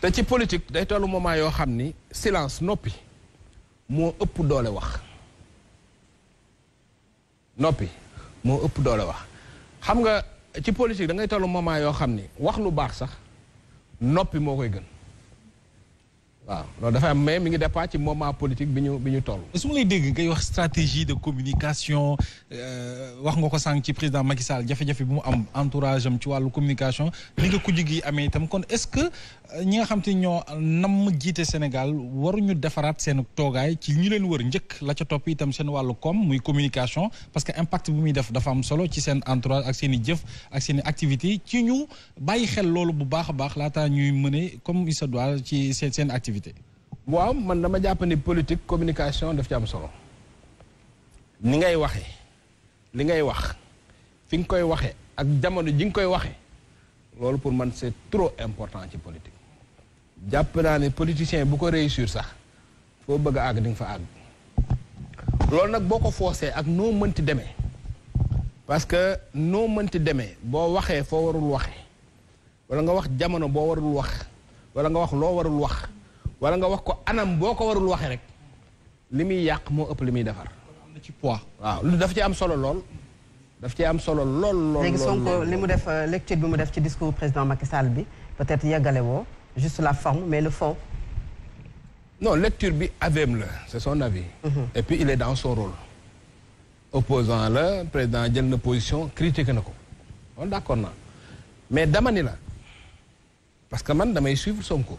te ci politique day tollu moment yoo xam ni silence noppi moo ëpp doole wax noppi moo ëpp doole wax xam nga ci politique da ngay tollu moment yoo xam ni wax lu baax sax noppi moo koy gën Nous dafa am stratégie de communication euh, wax nga ko président Macky Sall entourage am ci communication est-ce que euh, ñi nga xam nous, nam de Sénégal fait un travail ci ñu wër la ca itam faire communication parce que impact bu un def dafa solo ci entourage ak seen jëf ak activité ci ñu xel lolu bu baax a ñuy comme il se doit ci activité publicité. waaw man dama jàpp ni politique communication def ci am solo. ni ngay waxee li ngay wax fi nga koy waxee ak jamono ji nga koy waxee loolu pour man c'est trop important ci politique. jàpp naa ne politicien bu ko réussir sax foo bëgg àgg di fa àgg. loolu nag boo ko foosee ak noo mënti demee. parce que noo mënti demee boo waxee foo warul waxe wala nga wax jamono boo warul wax wala nga wax loo warul wax. wala nga wax ko anam boo ko warul waxe rek li muy yàq moo ëpp li muy defar. am na ci poids. waaw lu daf ci am solo lool. daf ci am solo lool lool léegi Sonko li mu def euh, lecture bi mu def ci discours président Macky Sall bi peut-être yeggale woo juste la forme mais le fond. non lecture bi avem la c'est son avis. Mhm. et puis il est dans son rôle. opposant la président jël na position critique na ko on d'accord na mais dama ni la parce que man damay suivre Sonko.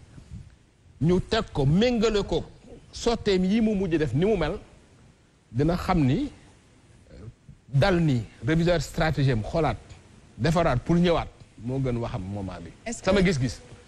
ñu teg ko méngale ko sotteem yi mu mujj def ni mu mel dina xam ni euh, dal ni réviseur stratégie am xoolaat defaraat pour ñëwaat moo gën waxam moment bi sama gis-gis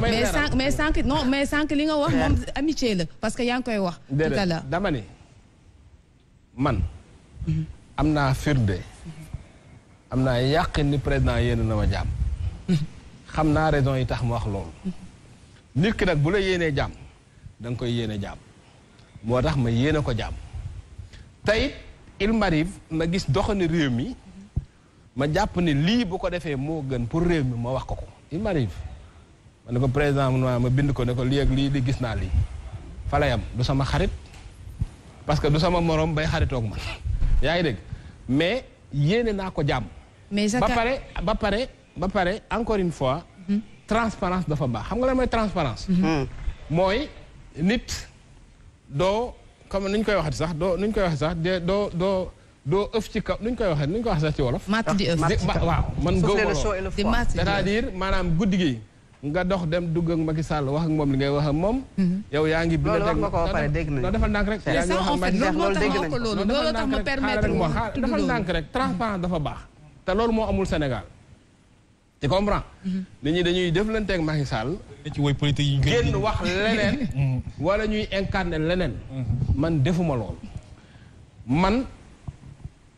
mais sànq mais sànq non mais sànq li nga wax moom amitié la parce que yaa ngi koy wax. déedéet dama ne man. am naa firnde. am naa yàqin ni président yéen na ma jàmm. xam naa raison yi tax mu wax loolu. nit ki nag bu la yéenee jàmm da nga koy yéene jàmm. moo tax ma yéene ko jàmm. tey il m'arrive ma gis doxani réew mi ma jàpp ni lii bu ko defee moo gën pour réew mi ma wax ko ko il m'arrive ma ne ko président mu ma bind ko ne ko lii ak lii di gis naa lii fa la du sama xarit parce que du sama moroom bay xaritoog man yaa ngi dégg mais yéene naa ko jàmm. mais ba pare ba pare ba pare encore une fois. Mhm. transparence dafa baax xam nga lan mooy transparence mhm. Mhm. mooy nit doo comme nuñ koy waxati sax doo nuñ koy waxati sax de doo doo doo ëf ci kaw nuñ koy waxee nuñ koy wax sax ci wolof. matt di ëf man. gëw c'est-à-dire maanaam guddi gi. nga dox dem dugg ak Macky Sall wax ak moom li ngay wax ak moom. Mhm. yow yaa ngi. loolu wax nga ko dégg nañ defal ndànk rek. yaa ngi wax ak Macky Sall loolu dégg nañ ko loolu tax ma permettre mu defal ndànk rek transparence dafa baax. te loolu moo amul Sénégal. tu comprends. Mhm. nit ñi dañuy jëflante ak Macky Sall. ci woy politique yi génn wax leneen. Mhm. wala ñuy incarner leneen. man defuma lool man.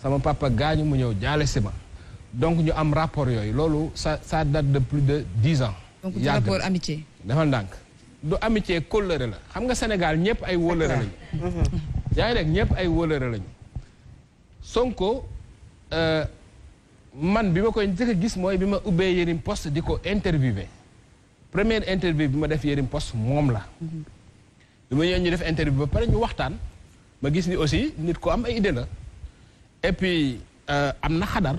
sama papa gaañu mu ñëw jaale si ma donc ñu am rapport yooyu loolu sa ça date de plus de dix ans. donc du rapport amitié. dafa ndànk du amitié kóllëre la xam nga Sénégal ñëpp ay wóllëre lañu. yaa ngi dégg ñëpp ay wóllëre lañu. Sonko euh, man bi ma koy njëkk a gis mooy bi ma ubbee Yérim Post di ko interviewé première interview bi ma def Yérim Post moom la. Mhm. bi ma ñëw ñu def interview ba pare ñu waxtaan ma gis ni aussi nit ko am ay idée la. et puis euh, am na xadar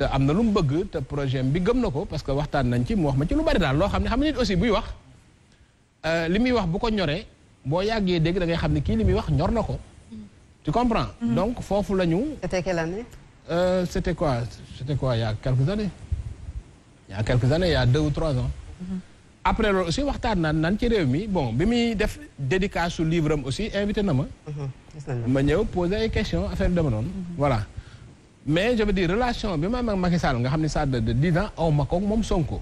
te am na lu mu bëgg te projet bi gëm na ko parce que waxtaan nañ ci mu wax ma ci lu bari daal loo xam ne xam ne nit aussi buy wax euh, li muy wax bu ko ñoree boo yàggee dégg da ngay xam ne kii li muy wax ñor na ko. tu comprends. Mm. donc foofu la ñu. c'était quelle année. Euh, c'était quoi c'était quoi il y a quelques années il y a quelques années il y a deux ou trois ans. Mm-hmm. après loolu aussi waxtaan naan naan ci réew mi bon bi muy def dédicace su livre am aussi invité na ma. Mm-hmm ma ñëw poser ay questions affaire mhm. voilà mais je veux dire relation bi ma Macky Sall nga ça de dix ans ma Sonko.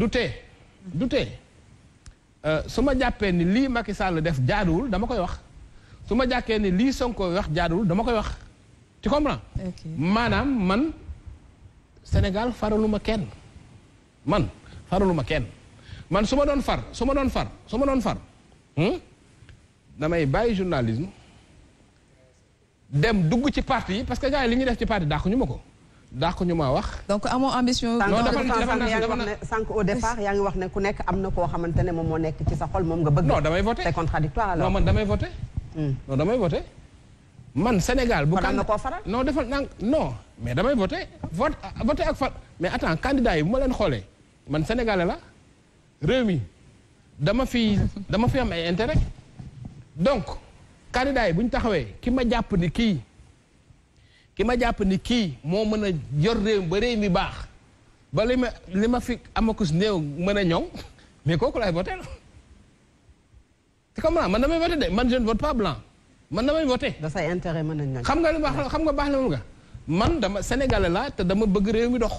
du du ma ni Macky Sall def dama koy wax ni Sonko wax tu comprends. maanaam man Sénégal faraluma kenn man faraluma kenn man su ma far far far hmm? damay journalisme dem dugg ci parti parce que gars yi li ñuy def ci parti dàqu ñu ma ko dàqu ñu ma wax. donc amoo ambition. non dafa sànq au départ yaa ngi wax ne ku nekk am na koo xamante ne moom moo nekk ci sa xol moom nga bëgg. non damay voté c'est contradictoire alors. non man damay voté. Hmm. non damay voté. man Sénégal bu. kan na koo faral non defal naa non mais damay voté. vote vote ak fa mais attends candidat yi bu ma leen xoolee man Sénégalais la réew mi dama fi dama fi am ay intérêt donc. candidat yi bu ñu taxawee ki ma jàpp ni kii ki ma jàpp ni kii moo mën a yor réew ba réew mi baax ba li ma li ma fi amakus néew mën a ñoŋ mais kooku laay voté te comme man damay voté de man je ne vote pas blanc man damay voté. da say intérêt mën nañ xam nga lu baax xam nga baax na nga man dama sénégalais laa te dama bëgg réew mi dox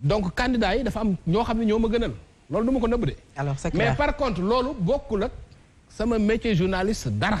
donc candidat yi dafa am ñoo xam ne ñoo ma gënal loolu du ma ko nëbb de. alors mais par contre loolu bokkul ak sama métier journaliste dara.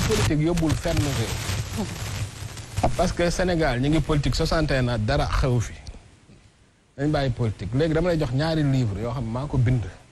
politique yóbbul fenn réew parce que Sénégal ñu ngi politique 61 ans dara xew fi dañ bàyyi politique léegi dama jox ñaari livre yoo xam ne maa ko bind